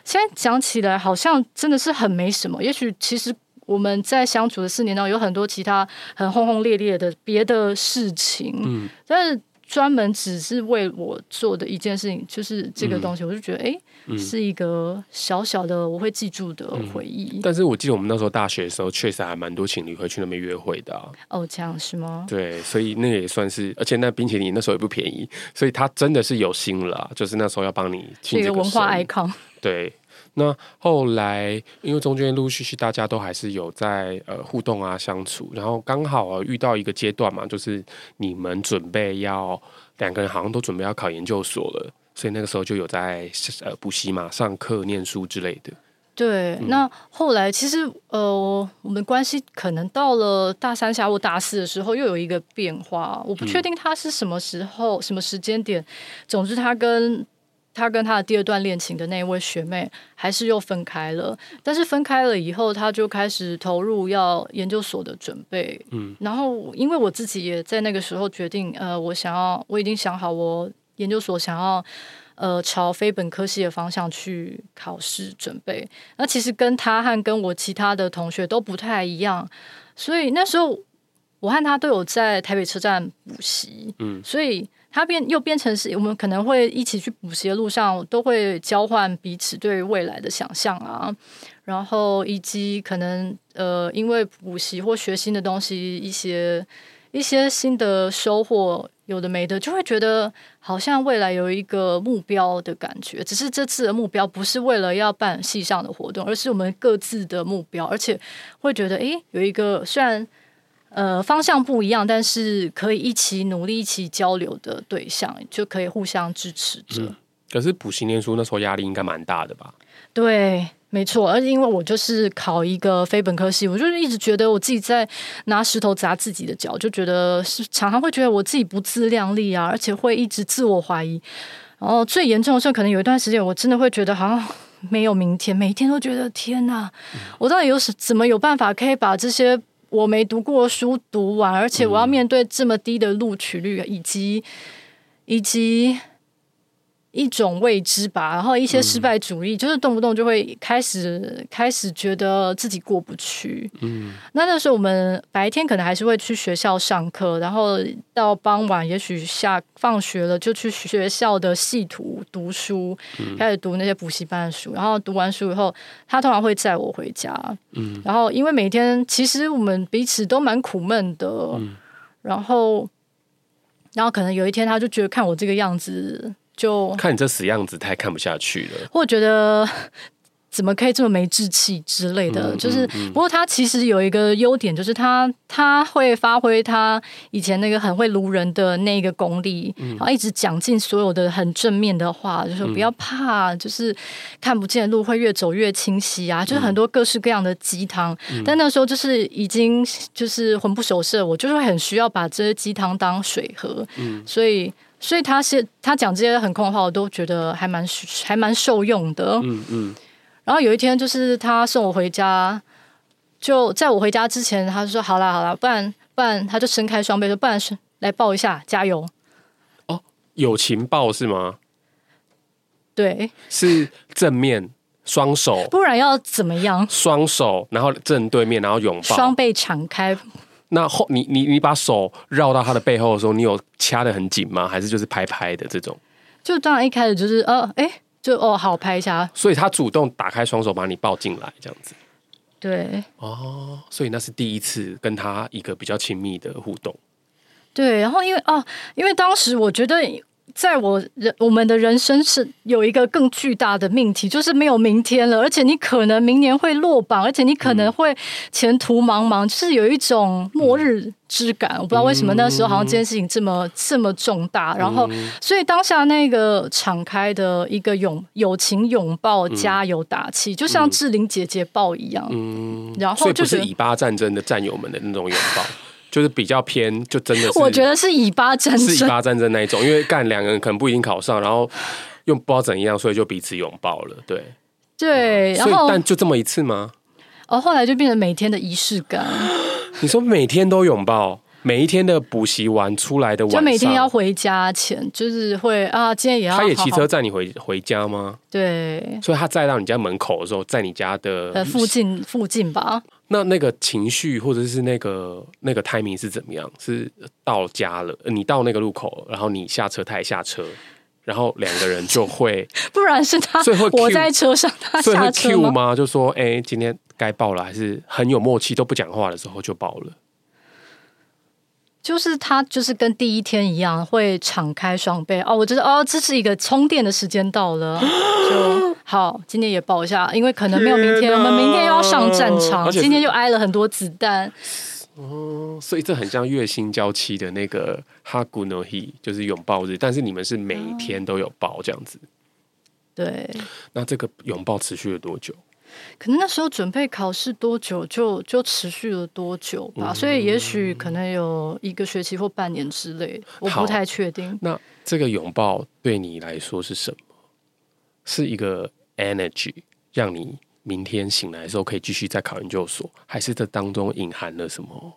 現在講起來好像真的是很沒什麼，也許其實我們在相處的四年當中有很多其他很轟轟烈烈的別的事情，嗯，但是。專門只是為我做的一件事情，就是這個東西，嗯、我就覺得哎，欸嗯、是一個小小的我會記住的回憶，嗯。但是我記得我們那時候大學的時候，確實還蠻多情侶會去那邊約會的、啊。哦，這樣是嗎？對，所以那也算是，而且那冰淇淋那時候也不便宜，所以他真的是有心了，就是那時候要幫你慶個生這個文化 icon。對。那後來，因為中間陸陸續續，大家都還是有在呃互動啊相處，然後剛好、啊、遇到一個階段嘛，就是你們準備要兩個人好像都準備要考研究所了，所以那個時候就有在呃補習嘛、上課、念書之類的。對，嗯、那後來其實呃我們關係可能到了大三下或大四的時候又有一個變化，我不確定他是什麼時候、嗯、什麼時間點，總之他跟。他跟他的第二段戀情的那位學妹還是又分開了，但是分開了以後，他就開始投入要研究所的準備。嗯，然後因為我自己也在那個時候決定，呃，我想要，我已經想好我研究所想要，呃，朝非本科系的方向去考試準備。那其實跟他和跟我其他的同學都不太一樣，所以那時候我和他都有在台北車站補習。嗯，所以。它變又變成是我們可能會一起去補習的路上，都會交換彼此對未來的想象啊，然後以及可能呃，因為補習或學新的東西，一些一些新的收穫，有的沒的，就會覺得好像未來有一個目標的感覺。只是這次的目標不是為了要辦系上的活動，而是我們各自的目標，而且會覺得誒、欸，有一個雖然。呃，方向不一樣，但是可以一起努力、一起交流的對象，就可以互相支持。嗯，可是補習唸書那時候壓力應該蠻大的吧？對，沒錯，而且因為我就是考一個非本科系，我就一直覺得我自己在拿石頭砸自己的腳，就覺得是常常會覺得我自己不自量力啊，而且會一直自我懷疑。然後最嚴重的時候，可能有一段時間我真的會覺得好像沒有明天，每天都覺得天哪，嗯、我到底有什怎麼有辦法可以把這些？我沒讀過書讀完，而且我要面對這麼低的錄取率，嗯、以及，以及。一種未知吧，然後一些失敗主義，嗯、就是動不動就會開始開始覺得自己過不去。嗯，那那時候我們白天可能還是會去學校上課，然後到傍晚也許下放學了就去學校的系圖讀書，嗯、開始讀那些補習班的書。然後讀完書以後，他通常會載我回家。嗯，然後因為每天其實我們彼此都蠻苦悶的。嗯，然後然後可能有一天他就覺得看我這個樣子。就看你這死樣子，太看不下去了。或者覺得怎麼可以這麼沒志氣之類的， 嗯嗯嗯、就是。不過他其實有一個優點，就是他他會發揮他以前那個很會盧人的那個功力，嗯、然後一直講盡所有的很正面的話，就說不要怕，就是看不見的路會越走越清晰啊，嗯、就是很多各式各樣的雞湯。嗯、但那時候就是已經就是魂不守舍，我就是很需要把這些雞湯當水喝，嗯、所以。所以他是他講這些很空的話，我都覺得還蠻還蠻受用的。嗯嗯。嗯然後有一天就是他送我回家，就在我回家之前，他就說：“好了好了，不然不然他就伸開雙臂說，不然是來抱一下，加油。”哦，友情抱是嗎？對，是正面雙手，不然要怎麼樣？雙手，然後正對面，然後擁抱，雙臂敞開。那後你你你把手繞到他的背後的時候，你有掐得很緊嗎？還是就是拍拍的這種？就當然一開始就是哦，哎，就哦，好拍一下。所以他主動打開雙手把你抱進來這樣子。對。哦，所以那是第一次跟他一個比較親密的互動。對，然後因為哦，因為當時我覺得。在我人我們的人生是有一個更巨大的命題，就是沒有明天了，而且你可能明年會落榜，而且你可能會前途茫茫，嗯、就是有一種末日之感。嗯、我不知道為什麼、嗯、那時候好像這件事情這麼這麼重大，嗯、然後所以當下那個敞開的一個永友情擁抱，加油打氣，嗯、就像志玲姐姐抱一樣。嗯，然後就是以巴戰爭的戰友們的那種擁抱。就是比較偏，就真的是，我覺得是以巴戰爭，是以巴戰爭那一種， 因為幹兩個人可能不一定考上，然後又不知道怎樣，所以就彼此擁抱了，對對，嗯、然後但就這麼一次嗎？哦，後來就變成每天的儀式感。 你說每天都擁抱？每一天的補習完出來的晚上，就每天要回家前，就是會啊，今天也要。他也騎車載你回回家嗎？對，所以他載到你家門口的時候，在你家的，的附近附近吧。那那個情緒或者是那個那個 timing 是怎麼樣？是到家了，你到那個路口，然後你下車，他也下車，然後兩個人就會， 不然是他最後 Q，我在車上，他下車嗎？最後 Q 嗎？就說哎、欸，今天該抱了，還是很有默契都不講話的時候就抱了。就是他，就是跟第一天一樣，會敞開雙臂。哦，我覺得哦，這是一個充電的時間到了，就好。今天也抱一下，因為可能沒有明天，天哪我們明天又要上戰場，今天就挨了很多子彈。哦、嗯，所以這很像月薪嬌妻的那個哈古諾伊，就是擁抱日。但是你們是每一天都有抱這樣子。嗯、對。那這個擁抱持續了多久？可能那時候準備考試多久就，就就持續了多久吧。嗯、所以也許可能有一個學期或半年之類，好我不太確定。那這個擁抱對你來說是什麼？是一個 energy，讓你明天醒來的時候可以繼續在考研究所，還是這當中隱含了什麼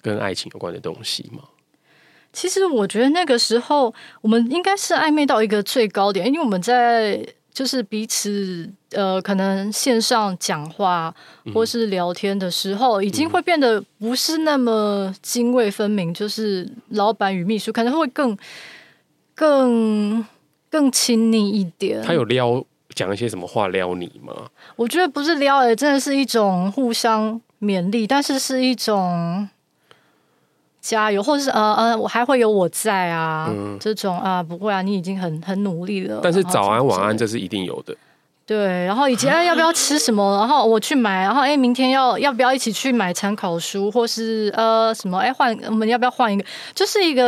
跟愛情有關的東西嗎？其實我覺得那個時候我們應該是曖昧到一個最高點，因為我們在。就是彼此呃，可能線上講話或是聊天的時候，已經會變得不是那麼涇渭分明。嗯、哼就是老闆與秘書可能會更更更親密一點。他有撩講一些什麼話撩你嗎？我覺得不是撩，誒真的是一種互相勉勵，但是是一種。加油，或者是呃呃，我、呃、還會有我在啊，嗯、這種啊、呃，不過啊，你已經很很努力了。但是早安晚安、就是、這是一定有的，對。然後以及哎 要不要吃什麼？然後我去買。然後哎、欸、明天要要不要一起去買參考書，或是呃什麼？哎、欸、換我們要不要換一個？就是一個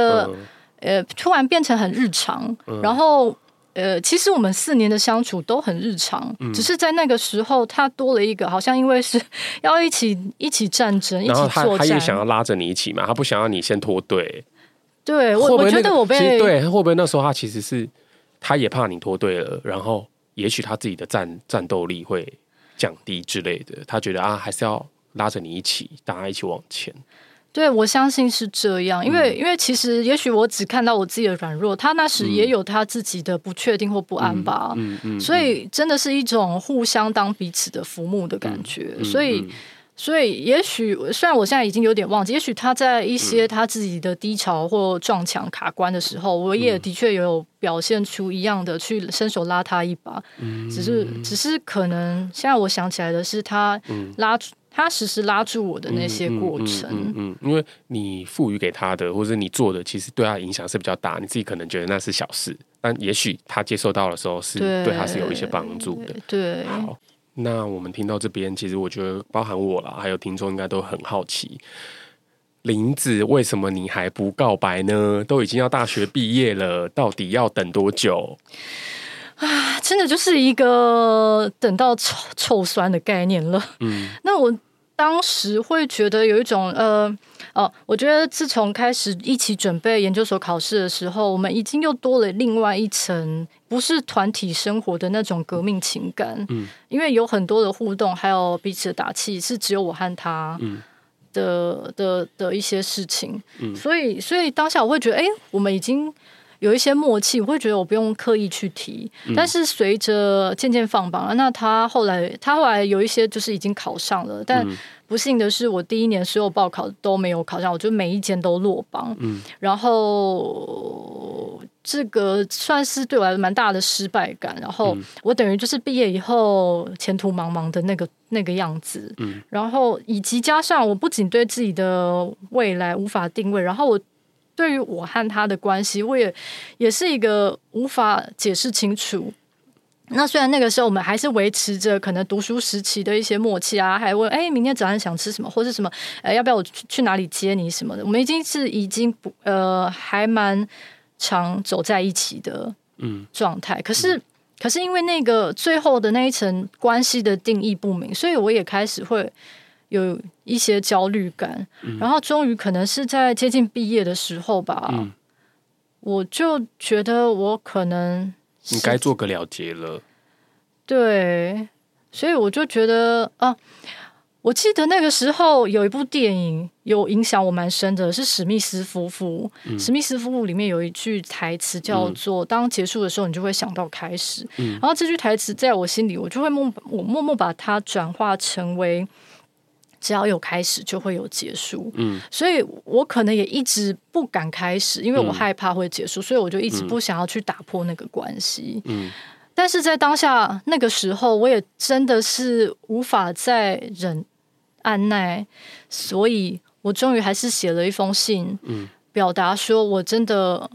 呃、嗯欸、突然變成很日常，嗯、然後。呃，其實我們四年的相處都很日常，嗯、只是在那個時候，他多了一個，好像因為是要一起一起戰爭，一起作戰，他也想要拉着你一起嘛，他不想要你先脫隊。對，我會不會、那個、我覺得我被對，會不會那時候他其實是他也怕你脫隊了，然後也許他自己的戰戰鬥力會降低之類的，他覺得啊還是要拉着你一起，大家一起往前。對，我相信是這樣，因為、嗯、因為其實也許我只看到我自己的軟弱，他那時也有他自己的不確定或不安吧，嗯嗯嗯嗯、所以真的是一種互相當彼此的浮木的感覺，嗯嗯、所以所以也許雖然我現在已經有點忘記，也許他在一些他自己的低潮或撞牆卡關的時候，我也的確有表現出一樣的去伸手拉他一把，只是只是可能現在我想起來的是他拉出。嗯他實時、時拉住我的那些過程，嗯、嗯、嗯、嗯、嗯，因為你賦予給他的或者你做的，其實對他影響是比較大。你自己可能覺得那是小事，但也許他接受到的時候是對他是有一些幫助的。對，對好，那我們聽到這邊，其實我覺得包含我啦，還有聽眾應該都很好奇，凜子，為什麼你還不告白呢？都已經要大學畢業了，到底要等多久？啊，真的就是一個等到臭臭酸的概念了。嗯，那我。當時會覺得有一種呃哦，我覺得自從開始一起準備研究所考試的時候，我們已經又多了另外一層不是團體生活的那種革命情感。嗯，因為有很多的互動，還有彼此的打氣，是只有我和他的，嗯，的的、的一些事情。嗯，所以所以當下我會覺得，哎，我們已經。有一些默契，我會覺得我不用刻意去提。但是隨着漸漸放榜了，嗯，那他後來他後來有一些就是已經考上了，但不幸的是，我第一年所有報考都沒有考上，我就每一間都落榜。嗯，然後這個算是對我來蠻大的失敗感。然後我等於就是畢業以後前途茫茫的那個那個樣子。嗯，然後以及加上我不僅對自己的未來無法定位，然後我。對於我和他的關係，我也也是一個無法解釋清楚。那雖然那個時候我們還是維持着可能讀書時期的一些默契啊，還問哎，明天早上想吃什麼或是什麼，誒，要不要我去去哪裡接你什麼的，我們已經是已經不呃還蠻常走在一起的狀態。嗯、可是可是因為那個最後的那一層關係的定義不明，所以我也開始會。有一些焦慮感，嗯、然後終於可能是在接近畢業的時候吧，嗯、我就覺得我可能應該做個了結了。對，所以我就覺得啊，我記得那個時候有一部電影有影響我蠻深的，是史密斯夫婦。嗯、史密斯夫婦裡面有一句台詞叫做“嗯、當結束的時候，你就會想到開始。嗯”然後這句台詞在我心裡，我就會默默，我默默把它轉化成為。只要有開始，就會有結束。嗯，所以我可能也一直不敢開始，因為我害怕會結束，嗯，所以我就一直不想要去打破那個關係。嗯，但是在當下那個時候，我也真的是無法再忍按捺，所以我終於還是寫了一封信，表達說我真的。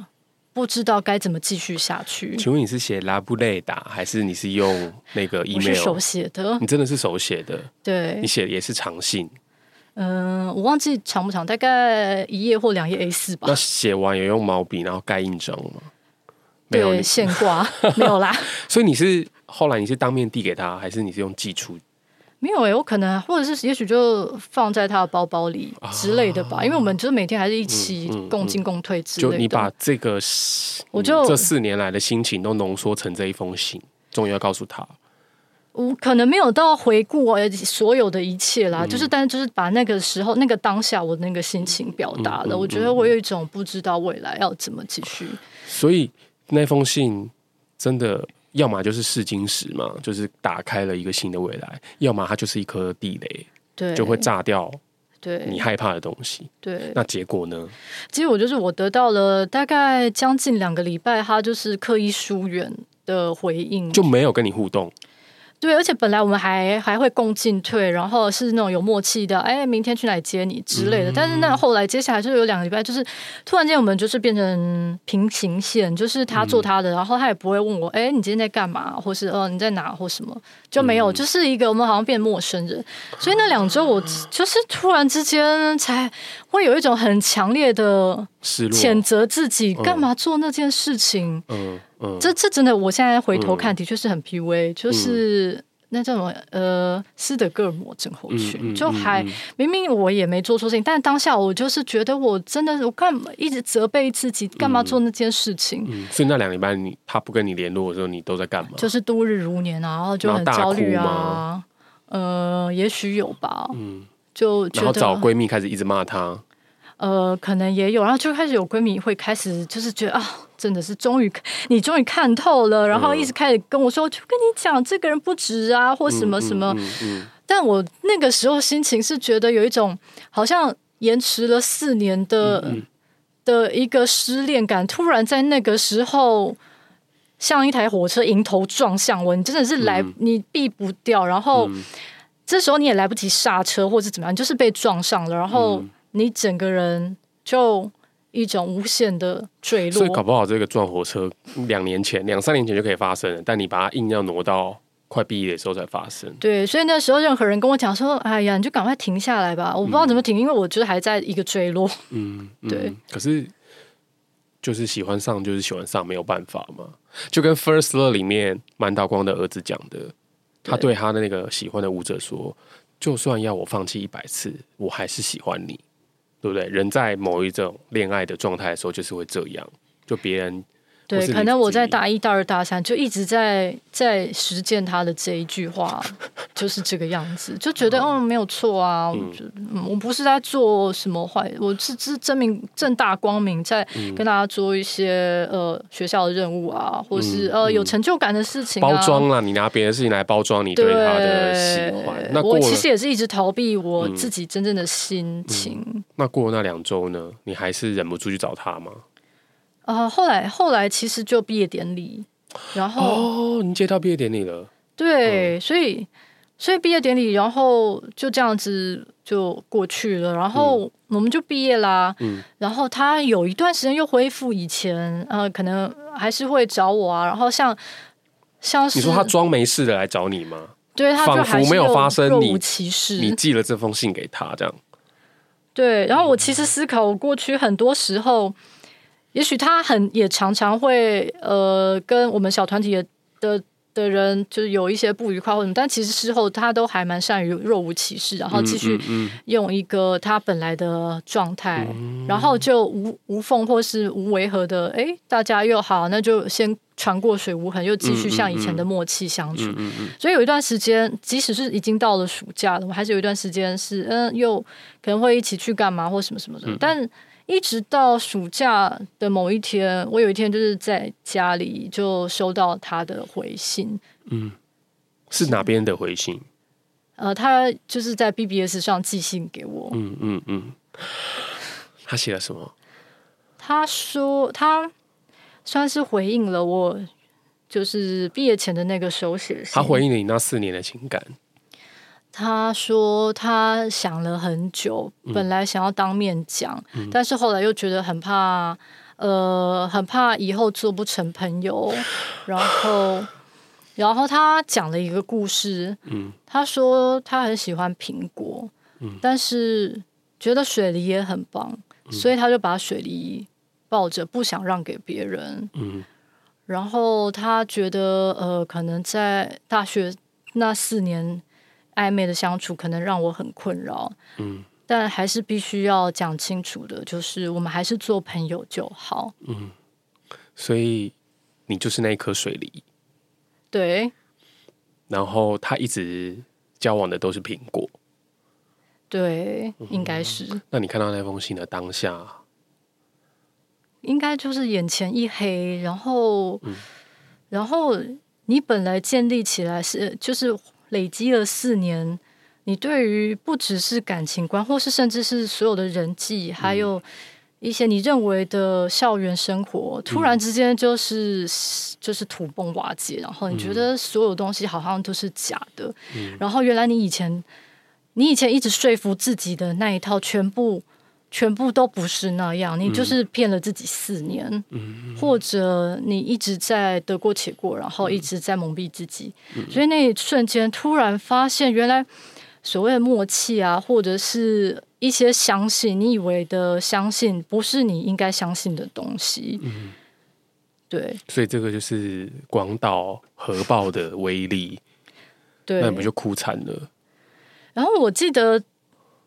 不知道該怎麼繼續下去。請問你是寫拉布雷達，還是你是用那個 email？我是手寫的，你真的是手寫的？對，你寫的也是長信。嗯，我忘記長不長，大概一頁或兩頁 A 四吧。那寫完也用毛筆，然後蓋印章嗎？沒有，對，現掛沒有啦。 所以你是後來你是當面遞給他，還是你是用寄出？沒有哎、欸，我可能或者是也許就放在他的包包裡之類的吧，啊、因為我們就是每天還是一起共進共退之類的。就你把這個，我就這四年來的心情都濃縮成這一封信，終於要告訴他。我可能沒有到回顧所有的一切啦，嗯、就是但是就是把那個時候那個當下我的那個心情表達了。嗯嗯嗯嗯、我覺得我有一種不知道未來要怎麼繼續。所以那封信真的。要麼就是試金石嘛，就是打開了一個新的未來；要麼它就是一顆地雷，對，就會炸掉，對，你害怕的東西，對，那結果呢？結果就是我得到了大概將近兩個禮拜，他就是刻意疏遠的回應，就沒有跟你互動。對，而且本來我們還還會共進退，然後是那種有默契的，誒、哎，明天去哪接你之類的。嗯、但是那後來接下來就有兩個禮拜，就是突然間我們就是變成平行線，就是他做他的，嗯、然後他也不會問我，誒、哎，你今天在幹嘛，或是哦、呃、你在哪或什麼，就沒有，嗯、就是一個我們好像變陌生人。所以那兩周我就是突然之間才。會有一種很強烈的譴責自己，幹嘛做那件事情？嗯，嗯，嗯，這這真的，我現在回頭看，的確是很 PUA，嗯、就是、嗯、那叫什麼呃，斯德哥爾摩症候群，嗯嗯嗯、就還明明我也沒做錯事情，但當下我就是覺得我真的，我幹嘛一直責備自己，幹嘛做那件事情？嗯嗯、所以那兩年半，你他不跟你聯絡的時候，你都在幹嘛？就是度日如年啊，然後就很焦慮啊。呃，也許有吧。嗯。就然後找閨蜜開始一直罵他，呃，可能也有，然後就開始有閨蜜會開始就是覺得啊，真的是終於你終於看透了，然後一直開始跟我說，嗯、就跟你講這個人不值啊，或什麼什麼。嗯嗯嗯、但我那個時候心情是覺得有一種好像延遲了四年的、嗯嗯、的一個失戀感，突然在那個時候像一台火車迎頭撞向我，你真的是來、嗯、你避不掉，然後。嗯這時候你也來不及剎車或者怎麼樣，你就是被撞上了，然後你整個人就一種無限的墜落。嗯、所以搞不好這個撞火車，兩年前、兩三年前就可以發生了，但你把它硬要挪到快畢業的時候再發生。對，所以那時候任何人跟我講說：“哎呀，你就趕快停下來吧！”嗯、我不知道怎麼停，因為我覺得還在一個墜落。嗯，對嗯嗯。可是就是喜歡上就是喜歡上沒有辦法嘛，就跟《First Love》裡面滿島光的兒子講的。他對他的那個喜歡的舞者說：“就算要我放棄一百次，我還是喜歡你，對不對？人在某一種戀愛的狀態的時候，就是會這樣，就別人。”對，可能我在大一、大二、大三就一直在在實踐他的這一句話， 就是這個樣子，就覺得嗯，嗯沒有錯啊，我我不是在做什麼壞，我是是正明正大光明在、嗯、跟大家做一些呃學校的任務啊，或是、嗯嗯、呃有成就感的事情、啊。包裝了，你拿別的事情來包裝你對他的喜歡。對那我其實也是一直逃避我自己真正的心情。嗯嗯、那過了那兩周呢？你還是忍不住去找他嗎？啊，後來後來其實就畢業典禮，然後哦，你接到畢業典禮了？對、嗯所，所以所以畢業典禮，然後就這樣子就過去了，然後我們就畢業啦。嗯，然後他有一段時間又恢復以前，嗯、呃，可能還是會找我啊。然後像像是你說他裝沒事的來找你嗎？對，他就還沒有發生，若無其事你，你寄了這封信給他，這樣對。然後我其實思考，嗯、我過去很多時候。也許他很也常常會呃跟我們小團體的的,的人就是有一些不愉快或者什麼但其實事後他都還蠻善於若無其事，然後繼續用一個他本來的狀態，然後就無無縫或是無違和的，哎、欸，大家又好，那就先船過水無痕，又繼續像以前的默契相處。所以有一段時間，即使是已經到了暑假了，我還是有一段時間是嗯，又可能會一起去幹嘛或什麼什麼的，但。一直到暑假的某一天，我有一天就是在家裡就收到他的回信。嗯，是哪邊的回信？呃，他就是在 BBS 上寄信給我。嗯嗯嗯，他寫了什麼？他說他算是回應了我，就是畢業前的那個手寫信。他回應了你那四年的情感。他說：“他想了很久，嗯、本來想要當面講，嗯、但是後來又覺得很怕，呃，很怕以後做不成朋友。然後， 然後他講了一個故事。嗯、他說他很喜歡蘋果，嗯、但是覺得水梨也很棒，嗯、所以他就把水梨抱着，不想讓給別人。嗯、然後他覺得，呃，可能在大學那四年。”曖昧的相處可能讓我很困擾，嗯，但還是必須要講清楚的，就是我們還是做朋友就好，嗯。所以你就是那一顆水梨，對。然後他一直交往的都是蘋果，對，應該是、嗯。那你看到那封信的當下，應該就是眼前一黑，然後，嗯、然後你本來建立起來是就是。累積了四年，你對於不只是感情觀，或是甚至是所有的人際，還有一些你認為的校園生活，突然之間就是、嗯、就是土崩瓦解，然後你覺得所有東西好像都是假的，嗯、然後原來你以前你以前一直說服自己的那一套全部全部都不是那樣，你就是騙了自己四年，嗯嗯嗯、或者你一直在得過且過，然後一直在矇蔽自己。嗯嗯、所以那一瞬間突然發現，原來所謂的默契啊，或者是一些相信，你以為的相信，不是你應該相信的東西。嗯、對，所以這個就是廣島核爆的威力。 對，那你們就哭慘了。然後我記得。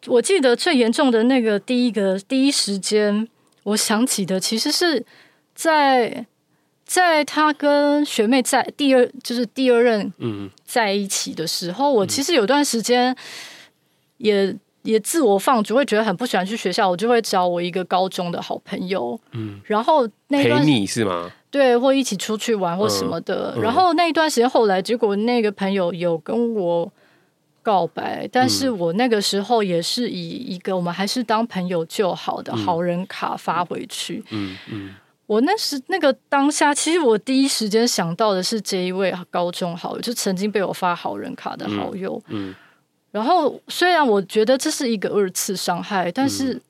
我記得最嚴重的那個第一個第一時間，我想起的其實是在在他跟學妹在第二就是第二任在一起的時候，嗯、我其實有段時間也、嗯、也自我放逐，會覺得很不喜歡去學校，我就會找我一個高中的好朋友，嗯，然後那段陪你是嗎？對，或一起出去玩或什麼的。嗯嗯、然後那一段時間後來，結果那個朋友有跟我。告白，但是我那個時候也是以一個我們還是當朋友就好的好人卡發回去。嗯嗯，嗯嗯我那時，那個當下，其實我第一時間想到的是這一位高中好友，就曾經被我發好人卡的好友。嗯，嗯然後雖然我覺得這是一個二次傷害，但是、嗯、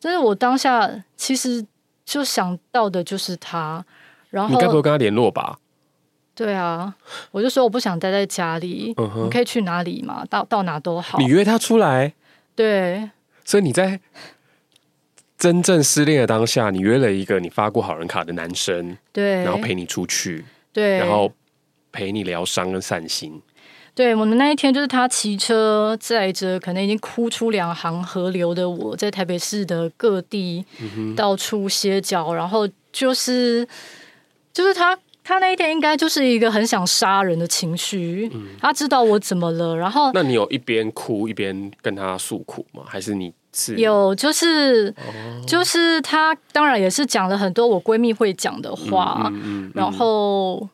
但是我當下其實就想到的就是他。然後你該不會跟他聯絡吧？對啊，我就說我不想待在家裡，嗯、哼你可以去哪裡嘛？到到哪都好。你約他出來，對，所以你在真正失戀的當下，你約了一個你發過好人卡的男生，對，然後陪你出去，對，然後陪你療傷跟散心。對，我們那一天就是他騎車載着，可能已經哭出兩行河流的我，在台北市的各地到處歇腳，嗯、哼然後就是就是他。他那一天應該就是一個很想殺人的情緒，嗯、他知道我怎麼了。然後那你有一邊哭一邊跟他訴苦嗎？還是你是有就是、哦，就是他當然也是講了很多我閨蜜會講的話，嗯嗯嗯嗯、然後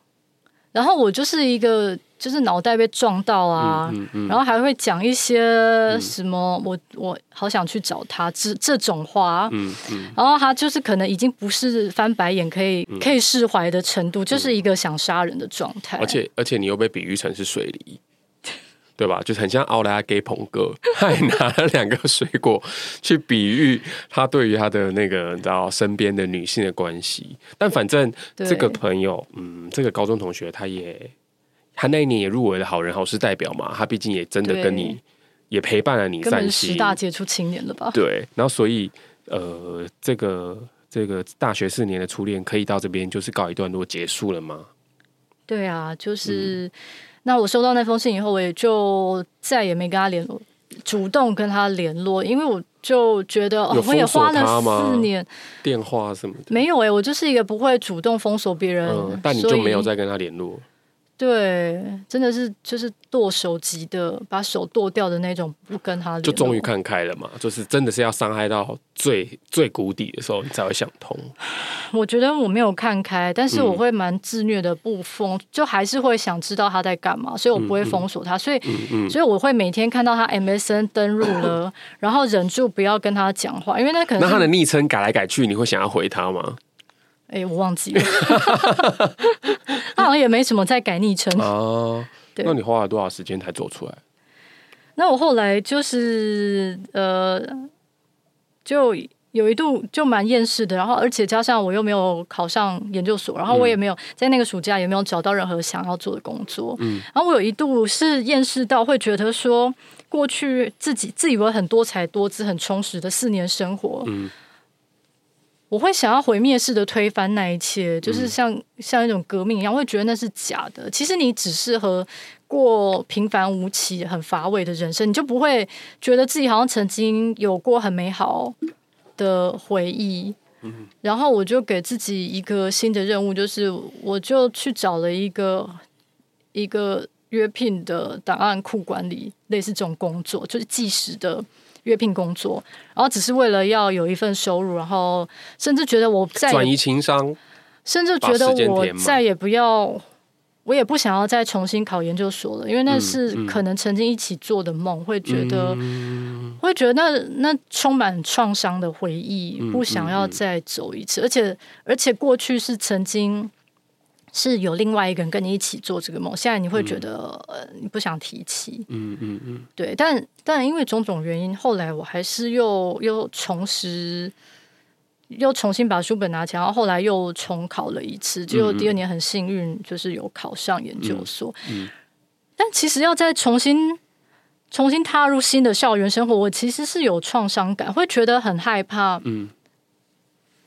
然後我就是一個。就是腦袋被撞到啊，嗯嗯嗯、然後還會講一些什麼？嗯、我我好想去找他這這種話，嗯嗯、然後他就是可能已經不是翻白眼可以、嗯、可以釋懷的程度，就是一個想殺人的狀態。嗯嗯、而且而且你又被比喻成是水梨 對吧？就是、很像奧拉給鵬哥，還拿了兩個水果去比喻他對於他的那個你知道身邊的女性的關係。但反正這個朋友，對嗯，這個高中同學，他也。他那一年也入圍了好人好事代表嘛，他畢竟也真的跟你對也陪伴了你三年，十大傑出青年了吧？對，然後所以呃，這個這個大學四年的初戀可以到這邊就是告一段落結束了嗎？對啊，就是、嗯、那我收到那封信以後，我也就再也沒跟他聯絡主動跟他聯絡，因為我就覺得我也花了四年電話什麼的，沒有哎、欸，我就是一個不會主動封鎖別人，嗯、但你就以沒有再跟他聯絡。對，真的是就是剁手機的，把手剁掉的那種，不跟他。就終於看開了嘛，就是真的是要傷害到最最谷底的時候，你才會想通。我覺得我沒有看開，但是我會蠻自虐的不，不封、嗯，就還是會想知道他在幹嘛，所以我不會封鎖他，嗯、所以、嗯嗯、所以我會每天看到他 MSN 登入了， 然後忍住不要跟他講話，因為那可能那他的昵稱改來改去，你會想要回他嗎？哎、欸，我忘記了， 他好像也沒什麼在改昵稱哦。啊、對那你花了多少時間才做出來？那我後來就是呃，就有一度就蠻厭世的，然後而且加上我又沒有考上研究所，然後我也沒有在那個暑假也沒有找到任何想要做的工作。嗯，然後我有一度是厭世到會覺得說，過去自己自以為很多才多姿，很充實的四年生活，嗯。我會想要毀滅式的推翻那一切，就是像像一種革命一樣，我會覺得那是假的。其實你只適合過平凡無奇、很乏味的人生，你就不會覺得自己好像曾經有過很美好的回憶。嗯，然後我就給自己一個新的任務，就是我就去找了一個一個約聘的檔案庫管理，類似這種工作，就是計時的。約聘工作，然後只是為了要有一份收入，然後甚至覺得我再轉移情商，甚至覺得我再也不要，我也不想要再重新考研究所了，因為那是可能曾經一起做的夢，嗯、會覺得、嗯、會覺得那那充滿創傷的回憶，不想要再走一次，嗯嗯、而且而且過去是曾經。是有另外一個人跟你一起做這個夢，現在你會覺得、嗯呃、你不想提起。嗯嗯嗯，嗯嗯對，但但因為種種原因，後來我還是又又重拾，又重新把書本拿起來，然後後來又重考了一次，結果第二年很幸運，嗯、就是有考上研究所。嗯，嗯但其實要再重新重新踏入新的校園生活，我其實是有創傷感，會覺得很害怕。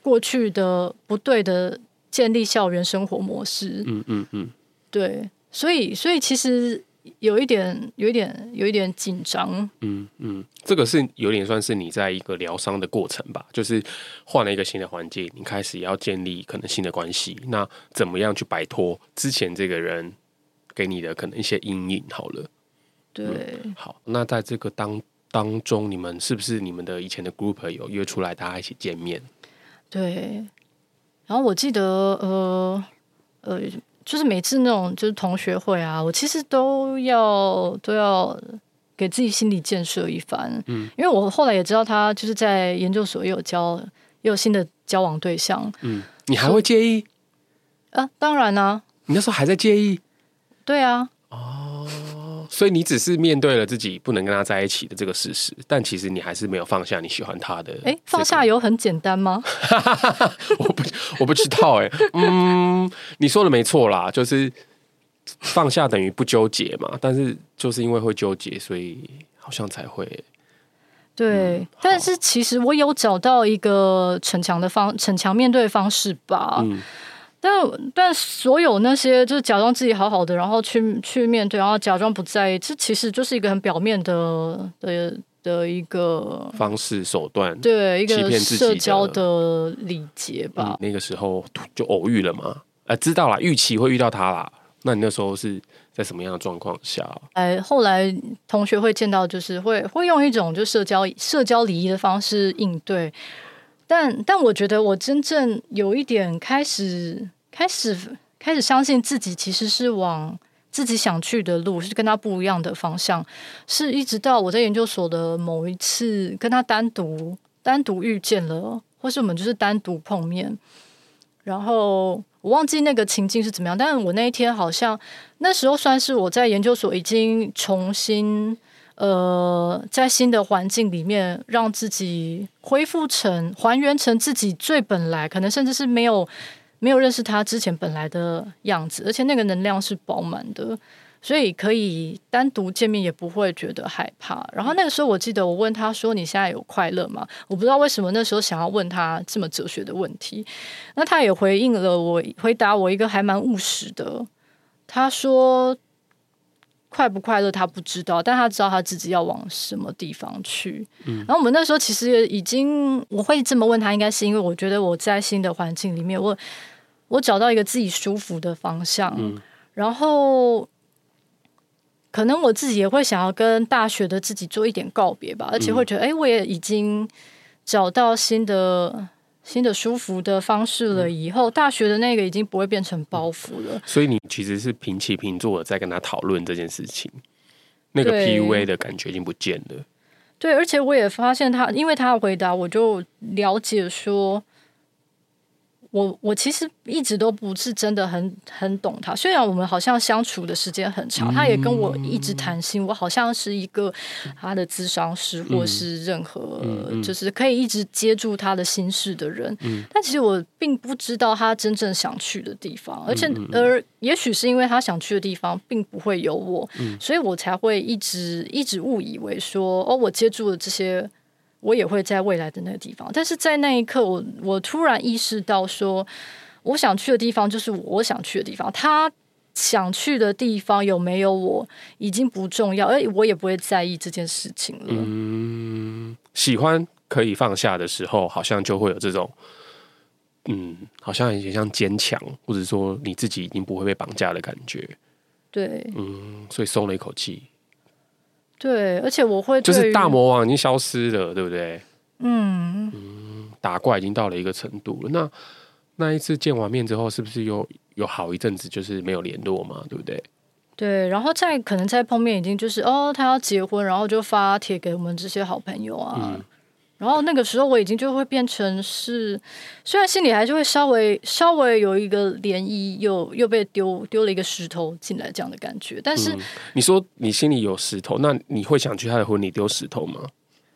過去的不對的。建立校園生活模式，嗯嗯嗯，嗯嗯對，所以所以其實有一點有一點有一點緊張，嗯嗯，這個是有點算是你在一個療傷的過程吧，就是換了一個新的環境，你開始要建立可能新的關係，那怎麼樣去擺脫之前這個人給你的可能一些陰影？好了，對、嗯，好，那在這個當當中，你們是不是你們的以前的 group 有約出來大家一起見面？對。然後我記得，呃，呃，就是每次那種就是同學會啊，我其實都要都要給自己心理建設一番，嗯，因為我後來也知道他就是在研究所也有交，也有新的交往對象，嗯，所以，你還會介意？啊，當然呢、啊，你那時候還在介意？對啊。所以你只是面對了自己不能跟他在一起的這個事實，但其實你還是沒有放下你喜歡他的、這個欸。放下有很簡單嗎？ 我不，我不知道哎、欸。嗯，你說的沒錯啦，就是放下等於不糾結嘛。但是就是因為會糾結，所以好像才會。嗯、對，好但是其實我有找到一個逞強的方，逞強面對的方式吧。嗯但但所有那些就是假裝自己好好的，然後去去面對，然後假裝不在意，這其實就是一個很表面的的的一個方式手段，對，一個社交的禮節吧、嗯。那個時候就偶遇了嘛？呃，知道啦，預期會遇到他啦。那你那時候是在什麼樣的狀況下、啊？哎，後來同學會見到，就是會會用一種就社交社交禮儀的方式應對。但但我覺得我真正有一點開始開始開始相信自己其實是往自己想去的路，是跟他不一樣的方向。是一直到我在研究所的某一次跟他單獨單獨遇見了，或是我們就是單獨碰面。然後我忘記那個情境是怎麼樣，但是我那一天好像那時候算是我在研究所已經重新。呃，在新的環境裡面，讓自己恢復成、還原成自己最本來，可能甚至是沒有沒有認識他之前本來的樣子，而且那個能量是飽滿的，所以可以單獨見面也不會覺得害怕。然後那個時候，我記得我問他說：“你現在有快樂嗎？”我不知道為什麼那時候想要問他這麼哲學的問題。那他也回應了我，回答我一個還蠻務實的，他說。快不快樂？他不知道，但他知道他自己要往什麼地方去。嗯，然後我們那時候其實也已經，我會這麼問他，應該是因為我覺得我在新的環境裡面我，我我找到一個自己舒服的方向。嗯，然後可能我自己也會想要跟大學的自己做一點告別吧，而且會覺得，嗯，哎，我也已經找到新的。新的舒服的方式了，以後大學的那個已經不會變成包袱了。嗯，所以你其實是平起平坐的在跟他討論這件事情，對那個 PUA 的感覺已經不見了。對，而且我也發現他，因為他回答，我就了解說。我我其實一直都不是真的很很懂他，雖然我們好像相處的時間很長，嗯、他也跟我一直談心，我好像是一個他的諮商師，嗯、或是任何，嗯嗯、就是可以一直接住他的心事的人，嗯、但其實我並不知道他真正想去的地方，而且，嗯、而也許是因為他想去的地方並不會有我，嗯、所以我才會一直一直誤以為說哦，我接住了這些。我也會在未來的那個地方，但是在那一刻我，我我突然意識到說，說我想去的地方就是我想去的地方，他想去的地方有沒有我已經不重要，而我也不會在意這件事情了。嗯，喜歡可以放下的時候，好像就會有這種，嗯，好像有點像堅強，或者說你自己已經不會被綁架的感覺。對，嗯，所以鬆了一口氣。對，而且我會就是大魔王已經消失了，對不對？嗯嗯，打怪已經到了一個程度了。那那一次見完面之後，是不是有有好一陣子就是沒有聯絡嘛？對不對？對，然後再可能再碰面，已經就是哦，他要結婚，然後就發帖給我們這些好朋友啊。嗯然後那個時候我已經就會變成是，雖然心裡還是會稍微稍微有一個漣漪，又又被丟丟了一個石頭進來這樣的感覺。但是、嗯、你說你心裡有石頭，那你會想去他的婚禮丟石頭嗎？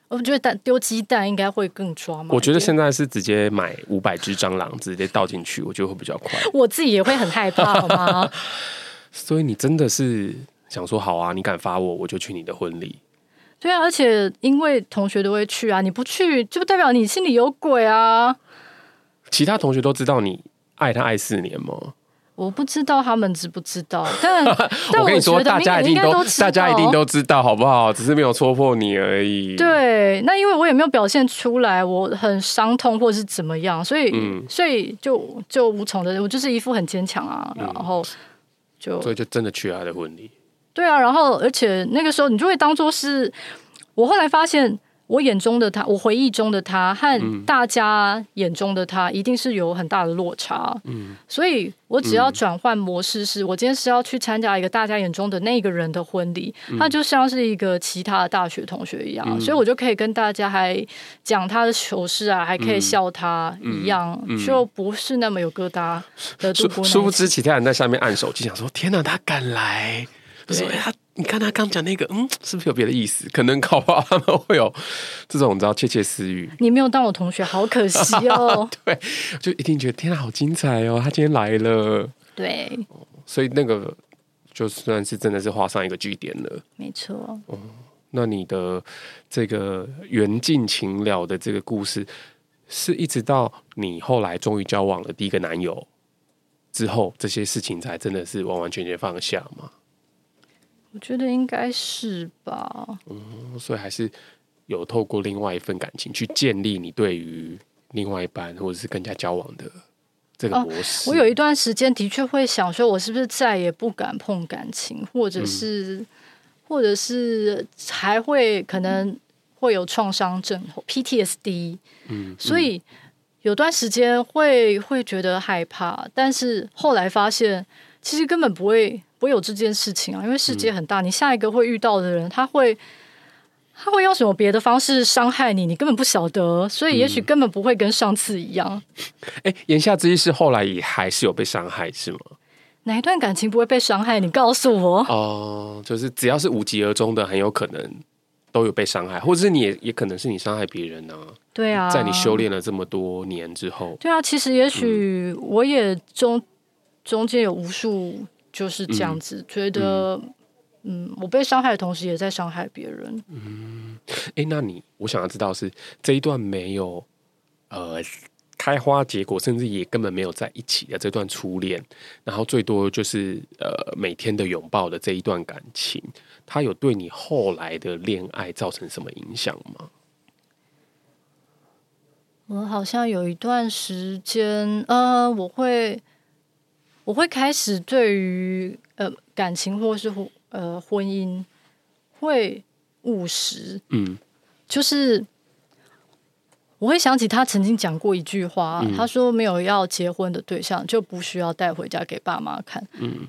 我覺得丟雞蛋應該會更抓嗎？我覺得現在是直接買五百只蟑螂直接倒進去，我覺得會比較快。 我自己也會很害怕好嗎？ 所以你真的是想說好啊？你敢發我，我就去你的婚禮。對啊，而且因為同學都會去啊，你不去就代表你心裡有鬼啊。其他同學都知道你愛他愛四年嗎？我不知道他們知不知道，但但 我跟你說，大家一定都，都大家一定都知道，好不好？只是沒有戳破你而已。對，那因為我也沒有表現出來，我很傷痛或者是怎麼樣，所以、嗯、所以就就無從的，我就是一副很堅強啊，嗯、然後就所以就真的去了他的婚禮。對啊，然後而且那個時候你就會當做是，我後來發現，我眼中的他，我回憶中的他和大家眼中的他一定是有很大的落差。嗯，所以我只要轉換模式是，是、嗯、我今天是要去參加一個大家眼中的那個人的婚禮，嗯、他就像是一個其他的大學同學一樣，嗯、所以我就可以跟大家還講他的糗事啊，嗯、還可以笑他一樣，嗯嗯、就不是那麼有疙瘩的殊。殊不知其他人在下面按手機，想說：天哪，他敢來！不是、欸、他，你看他剛講那個，嗯，是不是有別的意思？可能考官他們會有這種你知道竊竊私語。你沒有當我同學，好可惜哦。 對，就一定覺得天啊，好精彩哦，他今天來了。對，所以那個就算是真的是畫上一個句點了。沒錯錯。哦、嗯，那你的這個緣盡情了的這個故事，是一直到你後來終於交往了第一個男友之後，這些事情才真的是完完全全放下嗎？我覺得應該是吧。嗯，所以還是有透過另外一份感情去建立你對於另外一半或者是更加交往的這個模式。啊、我有一段時間的確會想說，我是不是再也不敢碰感情，或者是，嗯、或者是還會可能會有創傷症或 PTSD 嗯。嗯，所以有段時間會會覺得害怕，但是後來發現其實根本不會。我有這件事情啊，因為世界很大，你下一個會遇到的人，嗯、他會，他會用什麼別的方式傷害你？你根本不曉得，所以也許根本不會跟上次一樣。哎、嗯欸，言下之意是後來也還是有被傷害，是嗎？哪一段感情不會被傷害？你告訴我哦、呃，就是只要是無疾而終的，很有可能都有被傷害，或者是你也也可能是你傷害別人呢、啊？對啊，在你修煉了這麼多年之後，對啊，其實也許我也中、嗯、中間有無數。就是這樣子，嗯、覺得，嗯，嗯，我被傷害的同時，也在傷害別人。嗯，哎、欸，那你，我想要知道是這一段沒有，呃，開花結果，甚至也根本沒有在一起的這段初戀，然後最多就是呃每天的擁抱的這一段感情，它有對你後來的戀愛造成什麼影響嗎？我好像有一段時間，嗯、呃，我會。我會開始對於呃感情、或是婚呃婚姻會務實，嗯，就是我會想起他曾經講過一句話，嗯、他說沒有要結婚的對象就不需要帶回家給爸媽看，嗯，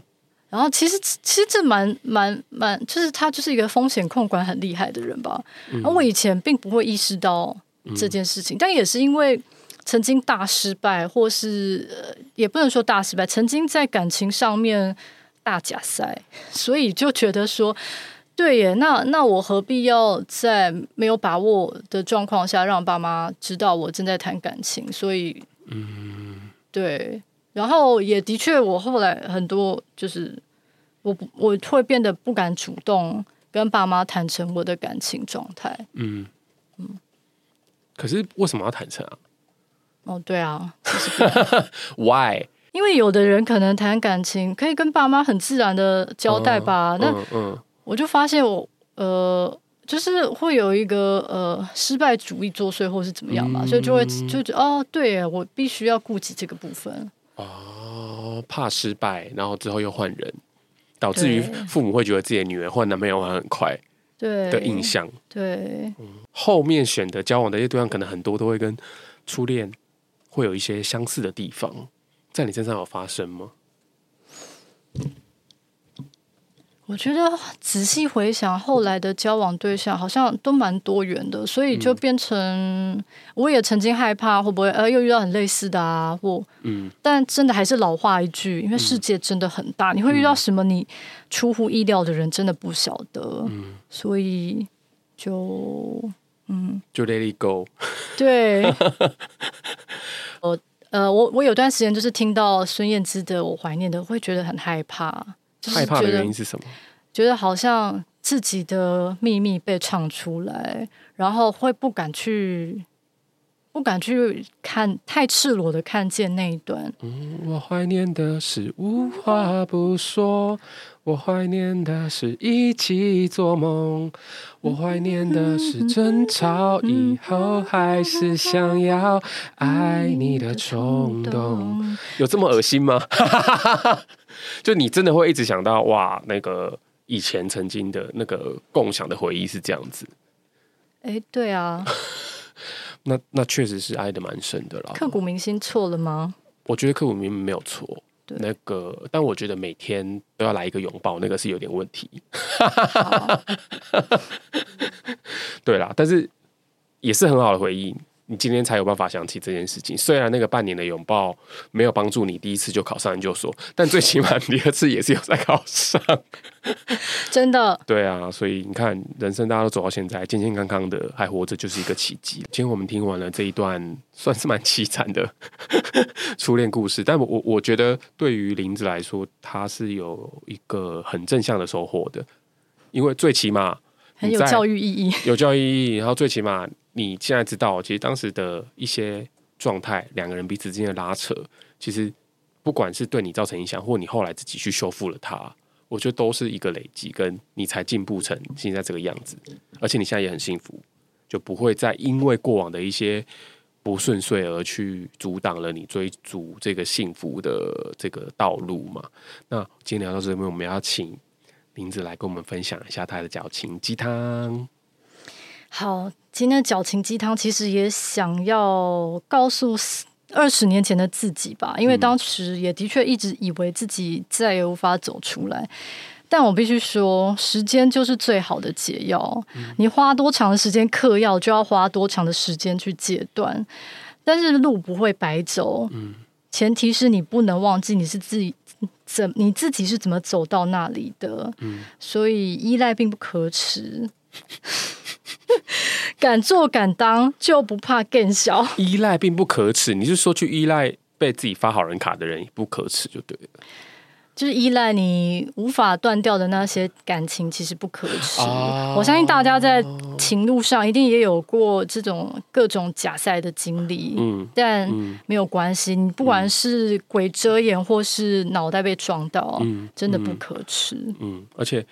然後其實其實這蠻蠻蠻就是他就是一個風險控管很厲害的人吧，而、嗯、我以前並不會意識到這件事情，嗯、但也是因為。曾經大失敗，或是、呃、也不能說大失敗。曾經在感情上面大假賽，所以就覺得說，對耶，那那我何必要在沒有把握的狀況下讓爸媽知道我正在談感情？所以，嗯，對。然後也的確，我後來很多就是我，我我會變得不敢主動跟爸媽坦誠我的感情狀態。嗯嗯。嗯可是為什麼要坦誠啊？哦，對啊、就是、 ，Why？因為有的人可能談感情可以跟爸媽很自然的交代吧。Uh, 那嗯，我就發現我、uh, 呃，就是會有一個呃失敗主義作祟，或是怎麼樣嘛，嗯、所以就會就覺哦，對，我必須要顧及這個部分。哦，怕失敗，然後之後又換人，導致於父母會覺得自己的女兒換男朋友很快，對的印象，對。對後面選擇交往的一些對象，可能很多都會跟初戀。會有一些相似的地方，在你身上有發生嗎？我覺得仔細回想，後來的交往對象好像都蠻多元的，所以就變成我也曾經害怕會不會呃又遇到很類似的啊，或、嗯、但真的還是老話一句，因為世界真的很大，嗯、你會遇到什麼你出乎意料的人，真的不曉得，嗯、所以就。嗯，就《Let It Go》。對，我 呃，我我有段時間就是聽到孫燕姿的《我懷念的》，會覺得很害怕，就是覺得害怕的原因是什麼？覺得好像自己的秘密被唱出來，然後會不敢去。不敢去看太赤裸的看見那一段。嗯，我懷念的是無話不說，我懷念的是一起做夢，我懷念的是爭吵以後還是想要愛你的衝動。嗯、動有這麼噁心嗎？ 就你真的會一直想到哇，那個以前曾經的那個共享的回憶是這樣子。哎、欸，對啊。那那確實是愛的蠻深的了。刻骨銘心錯了嗎？我覺得刻骨銘心沒有錯。對那個，但我覺得每天都要來一個擁抱，那個是有點問題。 好 對啦，但是也是很好的回憶。你今天才有辦法想起這件事情。雖然那個半年的擁抱沒有幫助你第一次就考上研究所，但最起碼第二次也是有在考上， 真的。對啊，所以你看，人生大家都走到現在，健健康康的還活着就是一個奇蹟。 今天我們聽完了這一段，算是蠻淒慘的初戀故事，但我我我覺得對於凜子來說，他是有一個很正向的收穫的，因為最起碼很有教育意義，有教育意義，然後最起碼。你現在知道，其實當時的一些狀態，兩個人彼此之間的拉扯，其實不管是對你造成影響，或你後來自己去修復了它，我覺得都是一個累積，跟你才進步成現在這個樣子。而且你現在也很幸福，就不會再因為過往的一些不順遂而去阻擋了你追逐這個幸福的這個道路嘛。那今天聊到這邊，我們要請凜子來跟我們分享一下他的矯情雞湯。好。今天的矯情雞湯，其實也想要告訴二十年前的自己吧，因為當時也的確一直以為自己再也無法走出來。但我必須說，時間就是最好的解藥。嗯，你花多長的時間嗑藥，就要花多長的時間去戒斷。但是路不會白走，嗯，前提是你不能忘記你是自己怎你自己是怎麼走到那裡的，嗯，所以依賴並不可恥。 敢做敢當，就不怕更小。依賴並不可恥，你就是說去依賴被自己發好人卡的人不可恥，就對了。就是依賴你無法斷掉的那些感情，其實不可恥。哦、我相信大家在情路上一定也有過這種各種假賽的經歷，嗯，但沒有關係。嗯、你不管是鬼遮眼，或是腦袋被撞到，嗯、真的不可恥嗯。嗯，而且，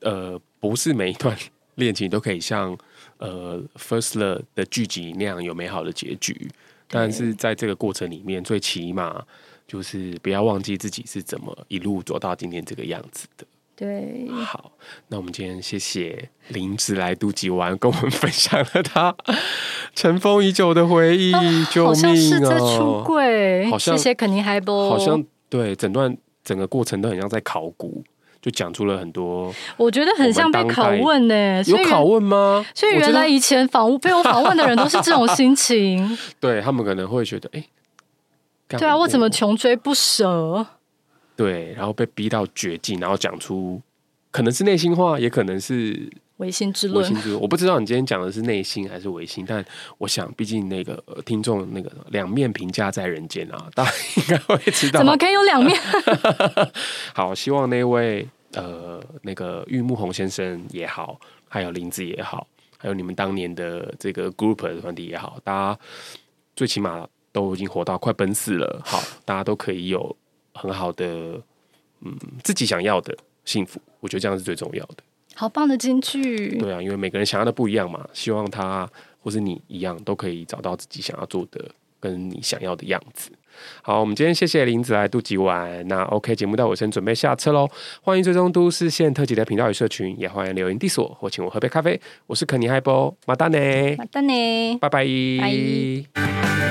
呃，不是每一段。戀情都可以像呃 First Love 的劇集那樣有美好的結局，對但是在這個過程裡面，最起碼就是不要忘記自己是怎麼一路走到今天這個樣子的。對，好，那我們今天謝謝凜子來都急灣跟我們分享了他塵封已久的回憶。救命、哦、好像是在出櫃，哦、好像謝謝肯尼海波，好像對整段整個過程都很像在考古。就講出了很多，我覺得很像被拷問呢、欸。所以有拷問嗎？所以原來以前訪被我訪問的人都是這種心情。 對，他們可能會覺得，哎、欸，對啊，我怎麼窮追不捨？對，然後被逼到絕境，然後講出可能是內心話，也可能是違心之論。心之我不知道你今天講的是內心還是違心，但我想，畢竟那個聽眾，那個兩面評價在人間啊，大家應該會知道。怎麼可以有兩面？ 好，希望那位。呃，那個玉木宏先生也好，還有凜子也好，還有你們當年的這個 group 的團體也好，大家最起碼都已經活到快奔四了。好，大家都可以有很好的，嗯，自己想要的幸福。我覺得這樣是最重要的。好棒的金句。對啊，因為每個人想要的不一樣嘛。希望他或是你一樣，都可以找到自己想要做的，跟你想要的樣子。好，我們今天謝謝凜子來渡吉灣。那 OK，節目到，我先準備下車嘍。歡迎追蹤都市線特輯的頻道與社群，也歡迎留言 diss 我，或請我喝杯咖啡。我是肯尼嗨波，馬丹尼。馬丹尼，拜拜 bye。